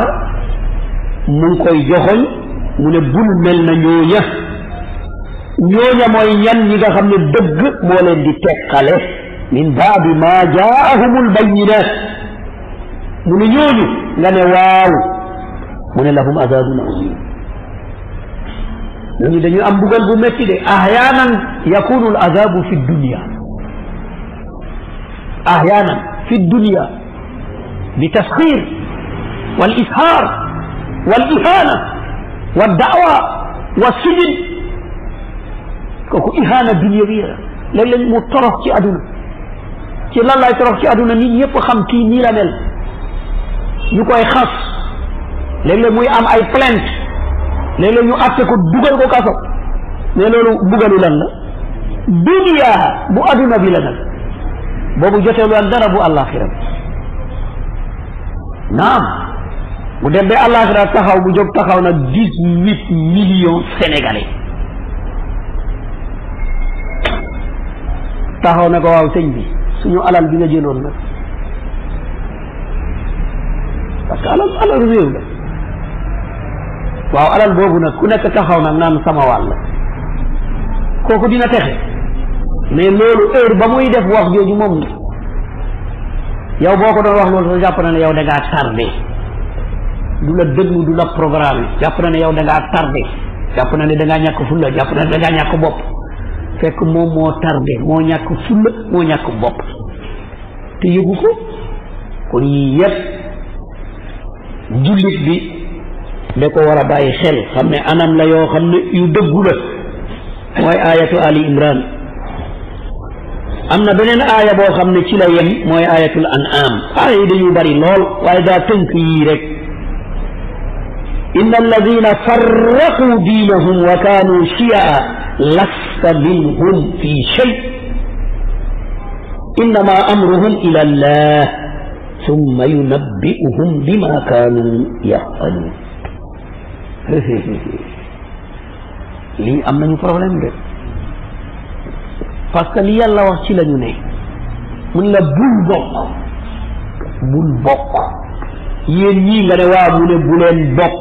mu ngi koy joxoñ mu ne bul mel na ñoo ñooña ñooña mooy ñan ñi nga xam ne dëgg moo leen di teqale min baadi ma jaahumul bayinat mu ne ñooñu nga ne waaw mu ne lahum azabun azim ñooñu dañu am bugal bu metti de ahyaanan yakunu al azabu fi dunia ahyaanan fi dunia bi tasxir wal ishaar wal ihana wal daawa wal sujud kooku ihaana dunyawiya la léeg mu torox ci aduna ci lan laay torox ci aduna nit ñëpp xam kii nii la mel ñu koy xas léeg-léeg muy am ay plainte léeg-léeg ñu àtte ko dugal ko kaso mais loolu bugalu lan la dunya bu aduna bi la nag boobu joteelu ak dara bu àllaaxira bi naam mu dem ba àllaaxira taxaw bu jóg taxaw nag dix huit millions sénégalais taxaw na ko waaw sëñ bi suñu alal bi nga jëloon nag parce que alal alal réew la waaw alal boobu nag ku nekk taxaw nag naan sama wàll kooku dina texe mais loolu heure ba muy def wax jooju moom yow boo ko doon wax loolu sax jàpp na ne yow da ngaa tardé du la déglu du la programme jàpp na ne yow da ak tardé jàpp na ni da ñàkk fulla jàpp na ne da ñàkk bopp fekk moom moo tardé moo ñàkk fulla moo ñàkk bopp te yëgu ko kon yii yëpp jullit bi da ko war a bàyyi xel xam ne anam la yoo xam ne yu dëggu la mooy aayatu ali imran am na beneen aaya boo xam ne ci la yem mooy aayatul an'am aaya yi dañu bari lool waaye daa tënk yii rek inna alladina farraqu diinahum wa kaanu shiyaa لست منهم في شيء إنما أمرهم إلى الله ثم ينبئهم بما كانوا يفعلون لي امن نفرغ لهم ده فاستلي الله وحشي لجنه من لبولبوك بولبوك يرجي غنوابون بولن بوك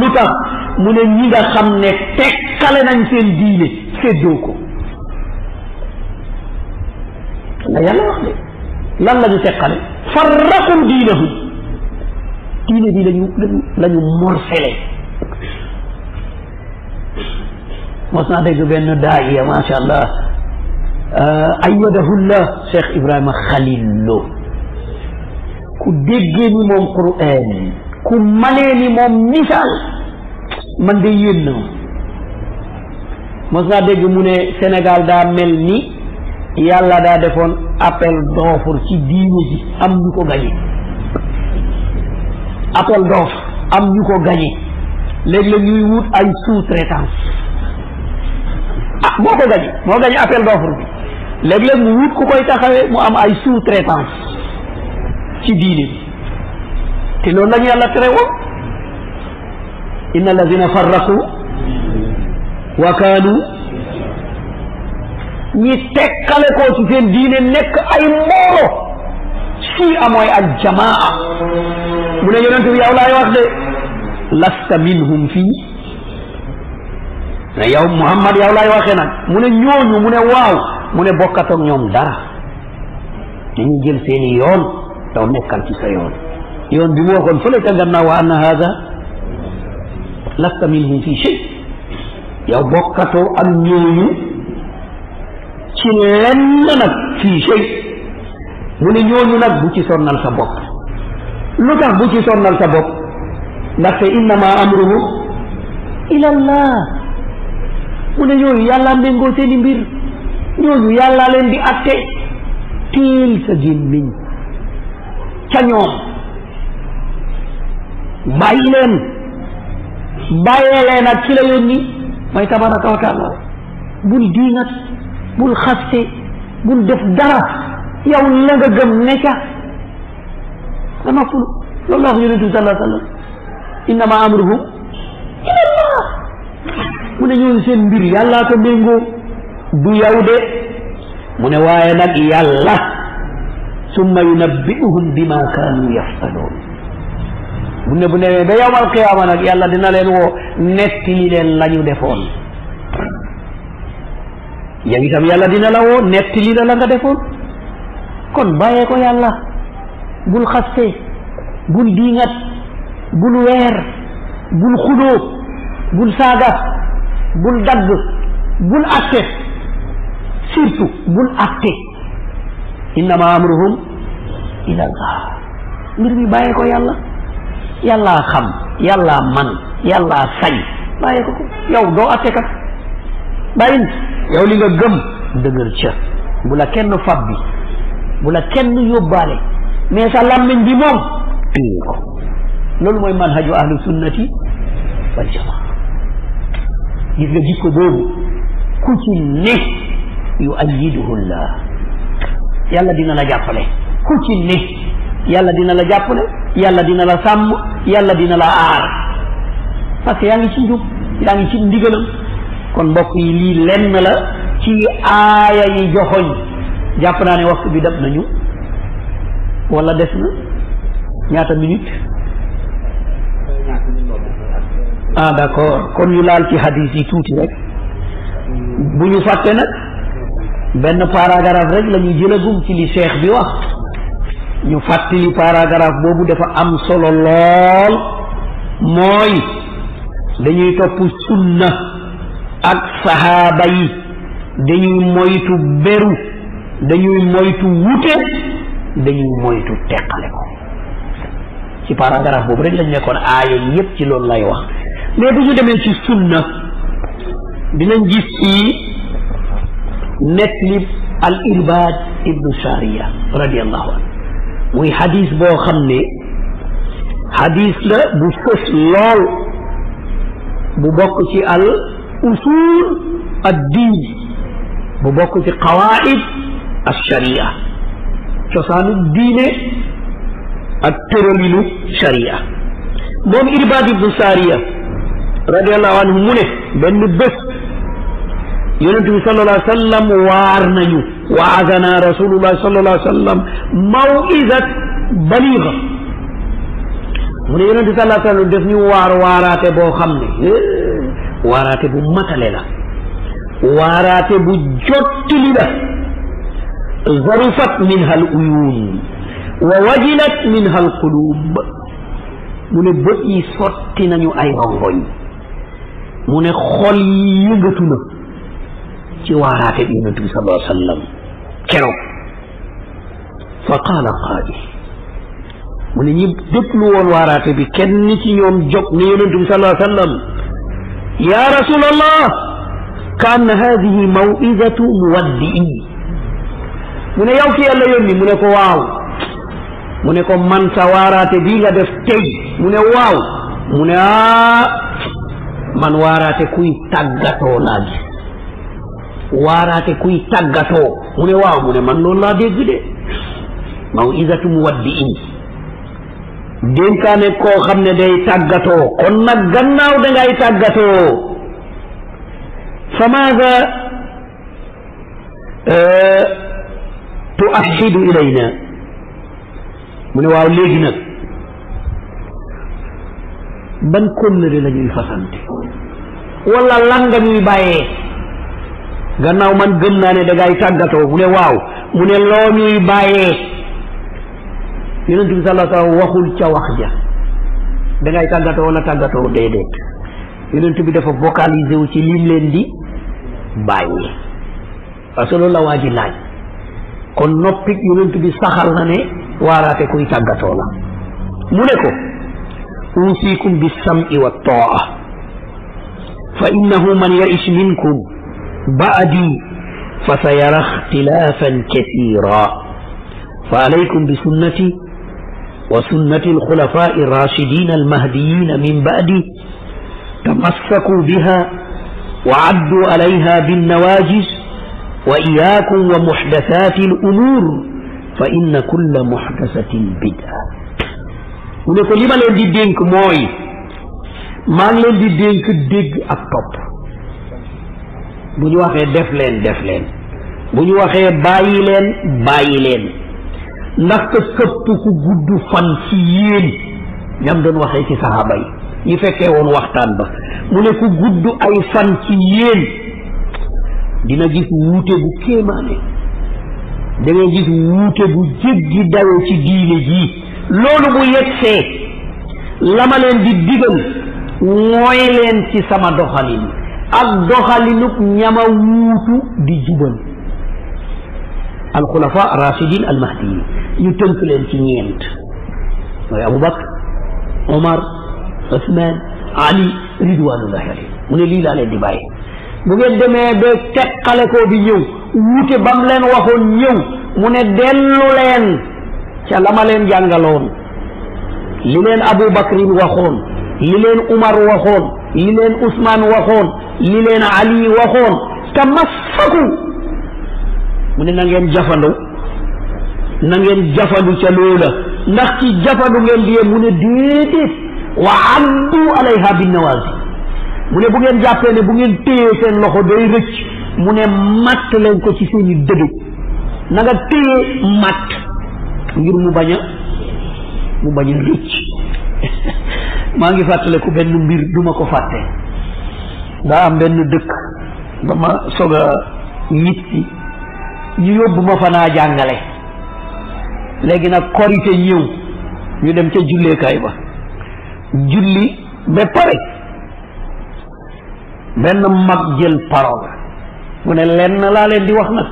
لطا mu ne ñi nga xam ne tekkale nañ seen diine séddoo ko la yàlla wax de lan la ñu tekkale farraqu diinahum diine bi lañu la ñu morcelé mos naa dégg benn daaiya macha allah euh, ayyadahullah Cheikh Ibrahima Khalil Lo ku déggee ni moom Qur'an ku manee ni moom misaal Mende yon nan. Monsa dek yo mounen Senegal da men ni, yal la da defon apel dofur ki diyo di, am yu ko ganyen. Apel dofur, am yu ko ganyen. Le g le yu yut, ay sou tretan. Ah, moun kou ganyen, moun ganyen apel dofur. Le g le yu yut, kou kou ita kwe, moun am ay sou tretan. Ki diyo di. Ti lon la di yal la tretan wap? inna alladina farraqu wa kaanu ñi tekkale ko ci seen diine nekk ay mbooloo chia mooy ak jamaa mu ne yonent bi yow laay wax de lasta minhum fii ne yow Muhammad yow laay waxee nag mu ne ñooñu mu ne waaw mu ne bokkatoog ñoom dara dañuy jël seeni yoon daw nekkal ci sa yoon yoon bi mu waxoon fële ca gannaaw wa anna hada lasta minhum fii shay yow bokkatoo ak ñooñu ci lenn nag fii mu ne ñooñu nag bu ci sonnal sa bopp lu tax bu ci sonnal sa bopp ndaxte innama amruhu ila allah mu ne ñooñu yàllaa méngoo seen i mbir ñooñu yàllaa leen di atte teel sa gémmiñ ca ñoom bàyyi leen bàyyee leen ak ki la yónni mooy tabaraka wa taala bul diinat bul xaste bul def dara yow la nga gëm ne ca nga noppalu loolu la wax yonente bi sallallahu alayhi wa sallam innama amruhum ila allah mu ne ñoon seen mbir yàllaa ko méngoo du yow de mu ne waaye nag yàlla summa yunabbiuhum bima kaanu yaftaluun bunne ne bu newee ba yowmal qiyaama nag yàlla dina leen woo nettali leen la ñu defoon yow itam yàlla dina la woo nettali la la nga defoon kon bàyyee ko yàlla bul xaste bul diingat bul weer bul xudoo bul saaga bul dagg bul atte surtout bul atte innama amruhum ila allah mbir mi bàyyee ko yàlla yàllaa xam yàllaa man yàllaa sañ bàyyi ko ko yow doo attekat bàyyin yow li nga gëm dëgër ca bu la kenn fab bi bu la kenn yóbbaale mais sa làmmiñ bi moom loolu mooy manhaju ahlu sunnati wal jamaa gis nga jikko boobu ku ci ne yu ayiduhu llah yàlla dina la jàppale ku ci ne yàlla dina la jàppale yàlla dina la sàmm yàlla dina la aar parce yaa ngi ci njub yaa ngi ci ndigalam kon mbokk yi lii lenn la ci aaya yi joxoñ jàpp naa ne waxtu bi dab nañu wala des na ñaata minute ah d'accord kon ñu laal ci hadis yi tuuti rek bu ñu fàtte nag benn paragraphe rek la ñu jëlagum ci li cheikh bi wax ñu fàttali paragraphe boobu dafa am solo lool mooy dañuy topp sunna ak sahaaba yi dañuy moytu beru dañuy moytu wute dañuy moytu teqale ko ci paragraphe boobu rek lañ nekkoon aaya yi yépp ci loolu lay wax mais bu ñu demee ci sunna dinañ gis ci nettali al irbaad ibnu sariya radiallahu anhu muy hadis boo xam ne hadis la bu fës lool bu bokk ci al usul addiin bu bokk ci qawaid alsharia cosaanu diine ak tëralinu sharia moom irbaad ibnu saariya radiallahu anhu mu ne benn bés يونتي صلى الله عليه وسلم وارنيو وعزنا رسول الله صلى الله عليه وسلم موعظة بليغة من يونتي صلى الله عليه وسلم دفني وار وارات بو خمني وارات بو متللا وارات بو جوت لبا ظرفت منها الأيون ووجلت منها القلوب من بقي صوتنا نيو أي غنغوي من خلي يغتنا جوارات ابن النبي صلى الله عليه وسلم كرو فقال قائل من يجيب دبلو وارات بي كن نتي يوم جوك صلى الله عليه وسلم يا رسول الله كان هذه موئذة مودئي من يوكي الله يومي من يكو واو من يكو من سوارات بيغا دفتي من واو من آه من وارات كوي تغطو ناجي waaraate kuy tàggatoo mu ne waaw mu ne man loolu laa dégg de mawizatu muwaddiin dénkaane koo xam ne day tàggatoo kon nag gannaaw da ngay tàggatoo fa maada euh, tuaxidu ilayna mu ne waaw léegi nag ban kóllëre la ñuy fasante wala lan nga ñuy bàyyee gannaaw man gën naa ne dangay tàggatoo mu ne waaw mu ne loo ñuy bàyyee yonent bi sallallahu alayhi wasallam waxul ca wax ja dangay tàggatoo wala tàggatoo déedéet yonent bi dafa vocalisé wu ci lim leen di bàyyi parce la waa laaj kon noppi yonent bi saxal na ne waaraate kuy tàggatoo la mu ne ko usikum bis sam'i wa taa fa innahu man ya'is minkum بعدي فسيرى اختلافا كثيرا فعليكم بسنتي وسنة الخلفاء الراشدين المهديين من بعدي تمسكوا بها وعدوا عليها بالنواجس وإياكم ومحدثات الأمور فإن كل محدثة بدعة ونقول لما لدي دينك موي ما لدي دينك ديك الطب bu ñu waxee def leen def leen bu ñu waxee bàyyi leen bàyyi leen ndax këpp ku gudd fan ci yéen ñam doon waxee ci saxaaba yi ñi fekkee woon waxtaan ba mu ne ku gudd ay fan ci yéen dina gis wuute bu kéemaane da gis wuute bu jéggi dawe ci diine jii loolu bu yegsee la ma leen di digal mooy leen ci sama doxalin ak doxalinuk ñama wuutu di jubal al khulafa rashidin al mahdi ñu tënk leen ci ñeent mooy abubakar omar usman ali ridwanullah ali mu ne lii laa leen di bàyyi bu ngeen demee ba teqale koo bi ñëw wuute bam leen waxoon ñëw mu ne dellu leen ca la ma leen jàngaloon li leen abubakrin waxoon li leen umar waxoon li leen Ousmane waxoon li leen Ali waxoon tamassaku mu ne na ngeen jafandu na ngeen jafandu ca loola ndax ci jafandu ngeen di mu ne déedéet wa addu alayha binnawaasi mu ne bu ngeen jàppee ne bu ngeen téye seen loxo day rëcc mu ne matt leen ko ci seeni dëddu na nga téye matt ngir mu bañ a mu bañ rëcc maa ngi fàttaliku benn mbir du ko fàtte daa am benn dëkk ba ma soog a ñit si ñu yóbbu ma fa jàngale léegi nag korite ñëw ñu dem ca julleekaay ba julli ba pare benn mag jël parole mu ne lenn laa leen di wax nag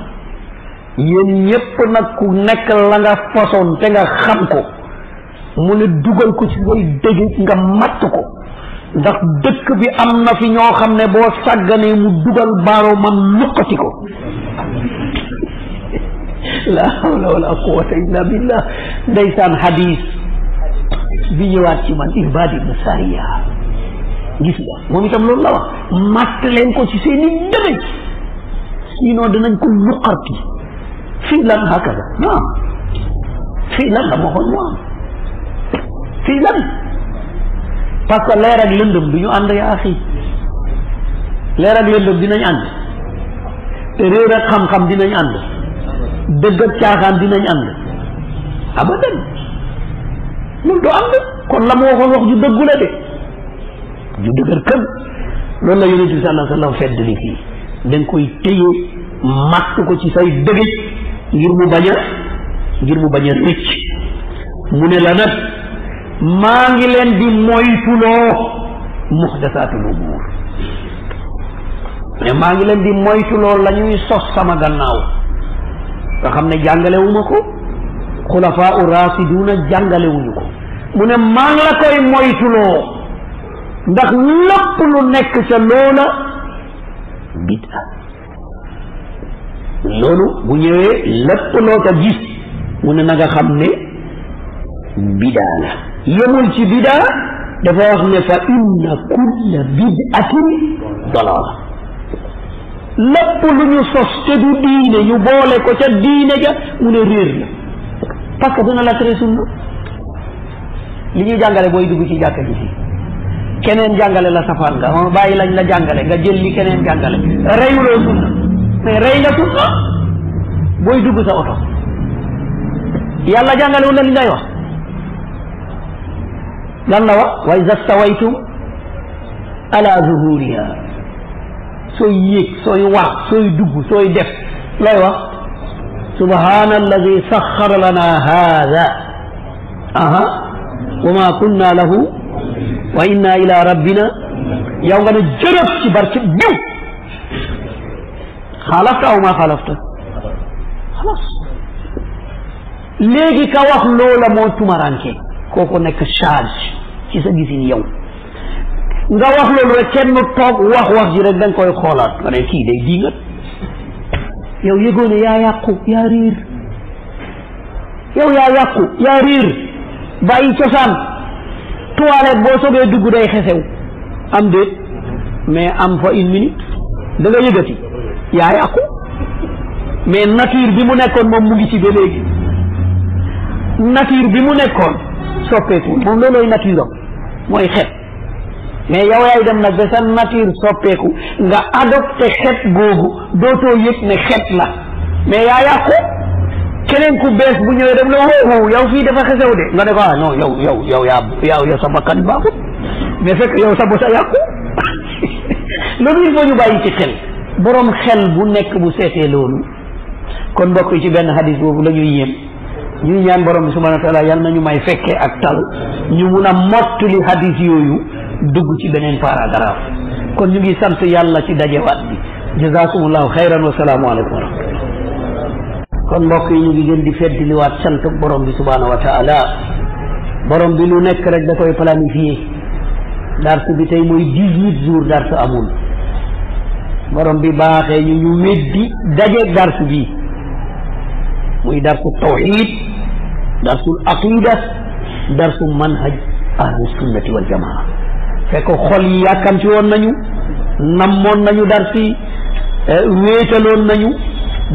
yéen ñépp nag ku nekk la nga façon te nga xam ko mu ne dugal ko ci say dëgg nga matt ko ndax dëkk bi am na fi ñoo xam ne boo sàgganee mu dugal baaromam lukkati ko la hawla wala quwata illa billah ndeysaan hadis bi ñëwaat ci man Irbaad ibn Sariya gis moom itam loolu la wax leen ko ci seen i dëgg sinon danañ ko luqarti fii lan hakaza naam fii lan la waxoon mu am fii lan parce que leer ak lëndëm du ñu ànd yaa axi leer ak lëndëm dinañ ànd te réer ak xam-xam dinañ ànd dëgg ak caaxaan dinañ ànd abadan loolu du ànd kon la mu waxoon wax ju dëggu la de ju dëgër këm loolu la yonente bi sallallahu alayhi wa sallam fedd li fii da nga koy téye màtt ko ci say dëgëj ngir mu bañ a ngir mu bañ a rëcc mu ne la nag maa ngi leen di moytuloo muxdasaatul umuur mais maa ngi leen di moytuloo la ñuy sos sama gannaaw nga xam ne jàngale wu ma ko xulafaa u raasiduuna jàngale ko mu ne maa ngi la koy moytuloo ndax lépp lu nekk ca loola bid'a loolu bu ñëwee lépp loo ko gis mu ne na nga xam ne bidaa la yemul ci bidaa dafa wax ne fa inna kulla bidatin dalaala lépp lu ñu sos te du diine ñu boole ko ca diine ja mu ne réer la parce que dana la tere sunna li ñuy jàngale booy dugg ci jàkka ji fii keneen jàngale la safaan nga moom ah, bàyyi lañ la jàngale nga jël li keneen jàngale reyuloo sunna mais rey nga sunna booy dugg sa oto yàlla jàngale wu na ngay wax لأنه وإذا استويتم على ظهورها سوي يك سوي وع سوي دب سوي دف لا سبحان الذي سخر لنا هذا أها وما كنا له وإنا إلى ربنا يوم نجرب شبرك بيو خالفت أو ما خالفت خلاص léegi ka wax loola moo tumaranke kooku nekk charge ci sa gisin yow nga wax loolu rek kenn toog wax wax ji rek da nga koy xoolaat nga ne kii day diingat yow yëgoo ne yaa yàqu yaa riir yow yaa yàqu yaa riir bàyyi cosaan toilette boo sogee dugg day xesew am déet mais am fa une minute da nga yëgati yaa yàqu mais nature bi mu nekkoon moom mu ngi ci ba léegi nature bi mu nekkoon soppeeku moom loolooy nature am mooy xet mais yow yaay dem nag ba sa nature soppeeku nga adopté xet googu dootoo yëg ne xet la mais yaa yàqu keneen ku bees bu ñëwee dem la woowu yow fii dafa xesew de nga ne ko ah non yow yow yow yaa yow yow sa bakkan baaxut mais fekk yow sa bos a yàqu loolu il faut ñu bàyyi ci xel borom xel bu nekk bu seetee loolu kon mbokk yi ci benn hadis boobu lañuy ñuy ñuy ñaan borom bi subhanahu wa taala na ñu may fekkee ak tal ñu mun a mottali hadis yooyu dugg ci beneen paragraphe kon ñu ngi sant yàlla ci dajewaat bi jazakumullahu xayran wa salaamu aleykum wa kon mbokk yi ñu ngi gën di feddiliwaat sant borom bi subhanahu wa taala borom bi lu nekk rek da koy planifié darsu bi tey mooy dix-huit jours darsu amul borom bi baaxee ñu ñu weddi dajeeg darsu bi muy darsu tawxid darsul aqida darsu manhaj ahlu sunnati wal jamaa fekk xol yi yàkkamti woon nañu nammoon nañu darsi eh, wéetaloon nañu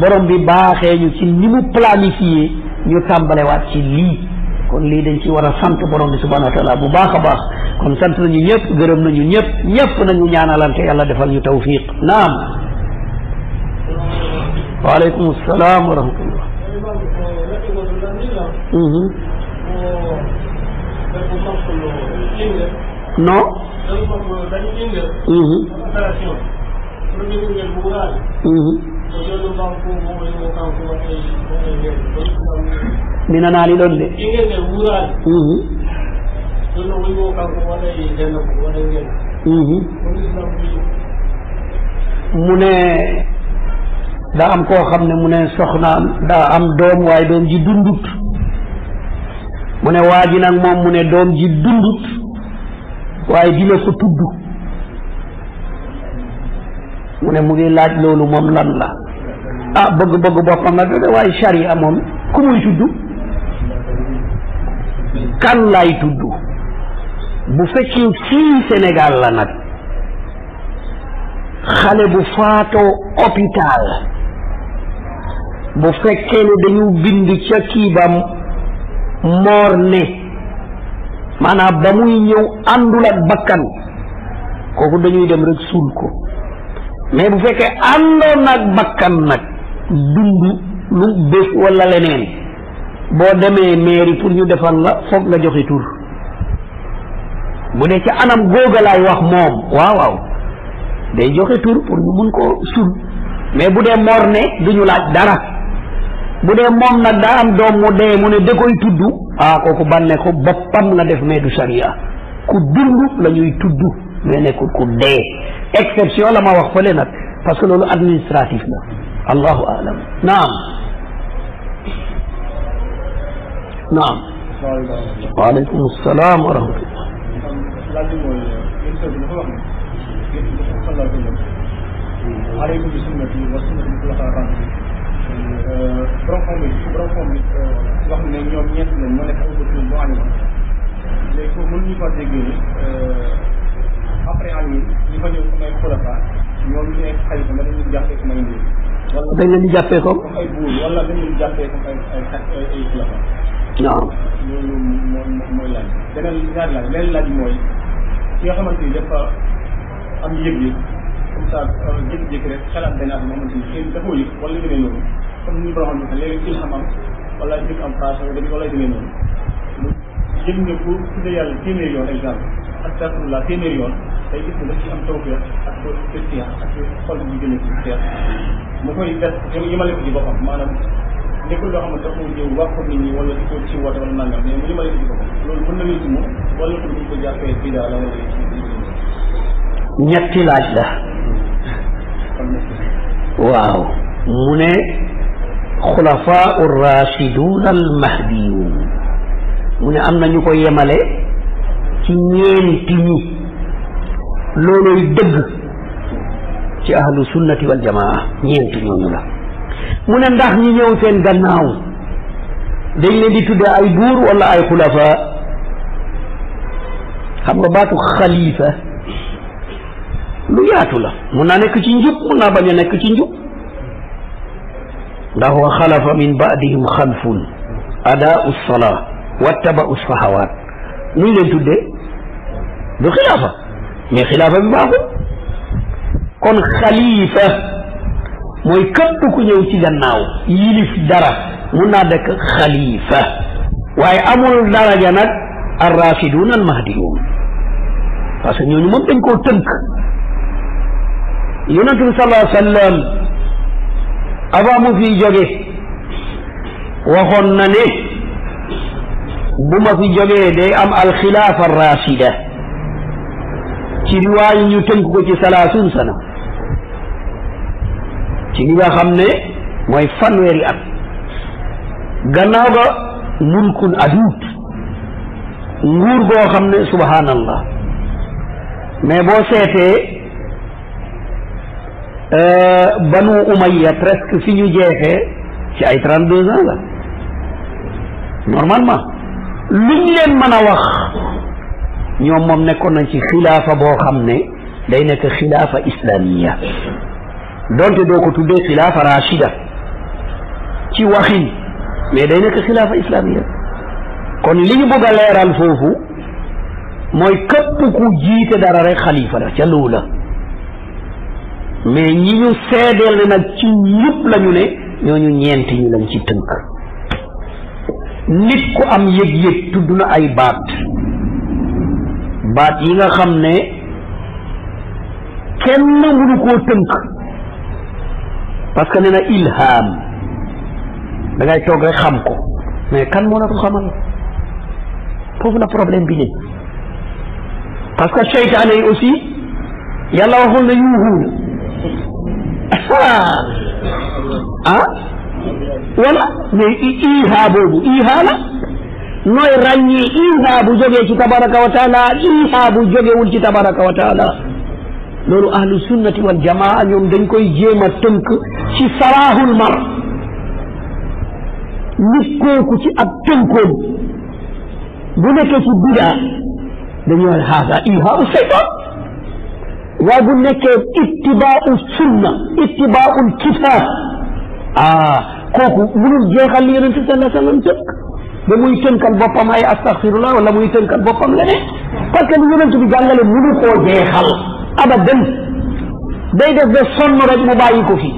borom bi baaxee ñu ci ni mu planifié ñu tàmbalewaat ci lii kon lii dañ ci war a sant borom bi subhanahu wa taala bu baax a baax kon sant nañu ñëpp gërëm nañu ñëpp ñëpp nañu ñaanalante yàlla defal ñu tawfiq naam waaleykum salaam wa non. mi nanani ɗon de mhm. Mhm. mu ne daa am koo xam ne mu ne soxnaam daa am doom waaye doom ji dundut mu ne waa ji nag moom mu ne doom ji dundut waaye dina ko tudd mu ne mu ngi laaj loolu moom lan la ah bëgg-bëgg boppam la de waaye charia moom ku muy tudd kan laay tudd bu fekkee fii Sénégal la nag xale bu faatoo hôpital bu fekkee ne dañu bind ca kiibam moor ne maanaam ba muy ñëw àndul ak bakkan kooku dañuy dem rekk suul ko mais bu fekkee àndoon ak bakkan nag dund lu bés walla leneen boo demee mairie pour ñu defal la foog nga joxe tur bu dee ca anam googa laay wax moom waaw waaw day joxe tur pour ñu mun koo suul mais bu dee moor ne duñu laaj dara budé mom moom da am doom mu dé mu ne dé koy tudd ah kooku bànne ko bopam la def mé du sharia ku dundu la ñuy mé né ko ku dé exception la ma wax fële nak parce que lolu administratif la allahu alam naam naam waaleykum salaam wa rahmatullah عليكم بسنتي وسنة الخلفاء الراشدين borom euh, xam yi borom xam yi wax ne ñoom ñett lañ moo nekk autopsie bu ànd léegi foofu mënuñu ko déggee euh, ay buur wala dañ leen di jàppee comme ay ay ay xulafa. waaw. loolu moom mooy laaj beneen ñaari laaj ki nga xamante ni dafa am yëg-yëg comme ça jékki-jékki euh, rek xalaat ni xëy na dafoo comme ñu ko wala ñu am passé dañu nga ko tudde yàlla téeméer yoon exemple astafurlah téeméer yoon day gis a ci teex mu koy des yëmale ko ci boppam loo xam ne dafa ñëw wax ko nit ñi wala di ko ci woote wala nangam ñetti laaj la waaw mu ne xulafaa urrachidun almahdiyun mu ne am na ñu koy yemale ci ñeenti ñi looloy dëgg ci ahlu sunnati wal jamaa ñeenti ñooñu la mu ne ndax ñi ñëw seen gannaaw dañ leen di tudde ay buur wala ay xulafaa xam nga baatu xalifa lu yaatu la mu naa nekk ci njub mun naa bañ a nekk ci njub له خلف من بعدهم خلف أداء الصلاة وَاتَّبَعُوا واتبع الصحوات نين انتو دي دو خلافة من خلافة بباقو كون خليفة مو يكبتو كن يوتي جنناو يلف درا منا دك خليفة واي أمر درا جنات الرافدون المهديون فاسن يوني ممتن كو تنك يونتو صلى الله عليه وسلم avant mu fi jóge waxoon na ne bu ma fi jógee day am alxilaafa rachida ci riwaayu ñu tënk ko ci salaasuun sana ci li nga xam ne mooy fanweeri at gannaaw ga mulkun aduut nguur goo xam ne subhaanallah mais boo seetee Euh, banu umayya presque fi ñu jeexee ci ay trente deux ans la normalement luñ leen mën a wax ñoom moom nekkoon nañ ci xilaafa boo xam ne day nekk xilaafa islamiya donte doo ko tuddee xilaafa rachida ci waxin mais day nekk xilaafa islamiya kon li ñu bëgg a leeral foofu mooy képp ku jiite dara rek xalifa la ca loola mais ñi ñu seedeel nag ci ñëpp la ñu ne ñooñu ñeent ñi lañ ci tënk nit ku am yëg-yëg tudd na ay baat baat yi nga xam ne kenn mënu koo tënk parce que nee na ilham da ngay xam ko mais kan moo la ko xamal foofu la problème bi ne parce que seytaane yi aussi yàlla waxoon na yuuxuuna ah wala mais iha boobu iha la nooy ràññee iha bu jógee ci tabaraka wa taala bu jógewul ci tabaraka wa loolu ahlu sunnati wal ñoom dañ koy jéem a tënk ci salahul mar nit kooku ci ab tënkoom bu nekkee ci bidaa dañu naan haada iha u seytaan waaye bu nekkee ittibaau sunna ittibaul kifaas ah kooku munul jeexal li yonente sallallahu alayhi wa sallam tënk ba muy tënkal boppam ay astaxfirullah wala muy tënkal boppam leneen parce que li bi jàngale munu koo jeexal abadan day def ba sonn rek mu bàyyi ko fi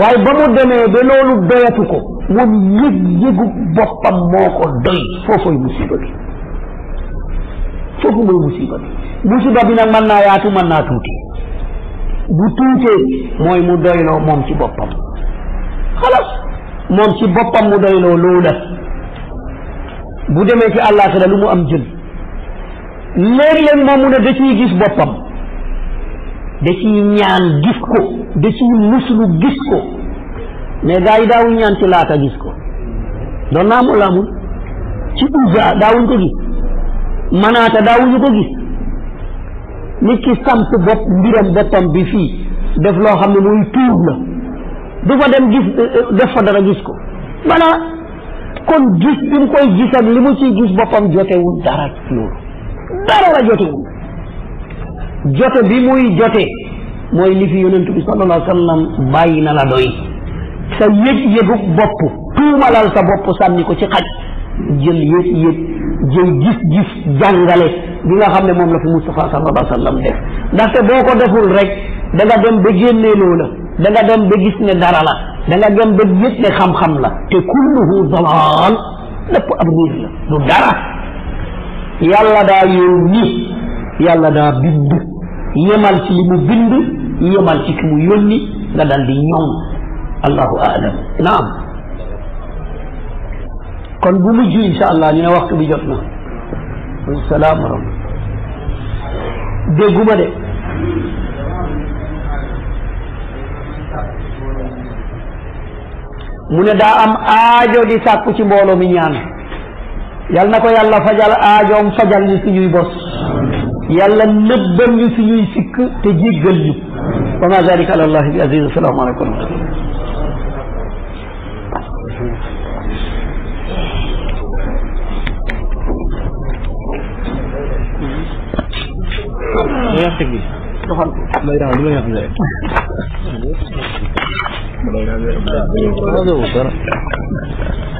waaye ba mu demee ba loolu doyatu ko moom yëg-yëgu boppam moo ko doy foofooy musiba foofu mooy musiba bi musiba bi nag mën naa yaatu mën naa tuuti bu tuutee mooy mu doyloo moom ci boppam xalas moom ci boppam mu doyloo loola bu demee ci àllaaxira lu mu am jël léeg-léeg moom mu ne da gis boppam da ñaan gis ko da muslu gis ko mais gars yi daawuñ ñaan ci laata gis ko doon naa amul amul ci usa daawuñ ko gis Mana ata da ou yote gis. Nikis samte bop mbirem betan bifi. Deflo hamilou yi toum la. Defwa dem gis, eh, eh, defwa dara gisko. Mana, kon gis bin kwa yi gisan limuchi, gis bopan jote ou, darat flou. Darara jote ou. Jote bimou yi jote. Mweni fi yonen tupi sanon alkan nan bay nan adoyi. Sa yet yedou bopu. Tou malal sa bopu san niko chekat. Jel yet yet. jëw gis-gis jàngale bi nga xam ne moom la fi Moustapha sallallahu alayhi wa sallam def ndaxte boo ko deful rek danga dem ba génnee loola da nga dem ba gis ne dara la da nga dem ba yëg ne xam-xam la te kulluhu dalaal lépp ab niir la du dara yàlla daa yónni yàlla daa bind yemal ci li mu bind yemal ci ki mu yónni nga dal di allahu aalam naam kon bu mujj insha allah ñu ne waxtu bi jot na wasalaam ram dégguma de mu ne daa am aajo di sàkku ci mbooloo mi ñaan yal na ko yàlla fajal aajoom fajal ñu suñuy bos yàlla nëbbal ñu suñuy sikk te jéggal ñu wa ma zalika ala allahi bi aziz asalaamaaleykum wa rahmatullah yàq bi doxantu lay la yàq lay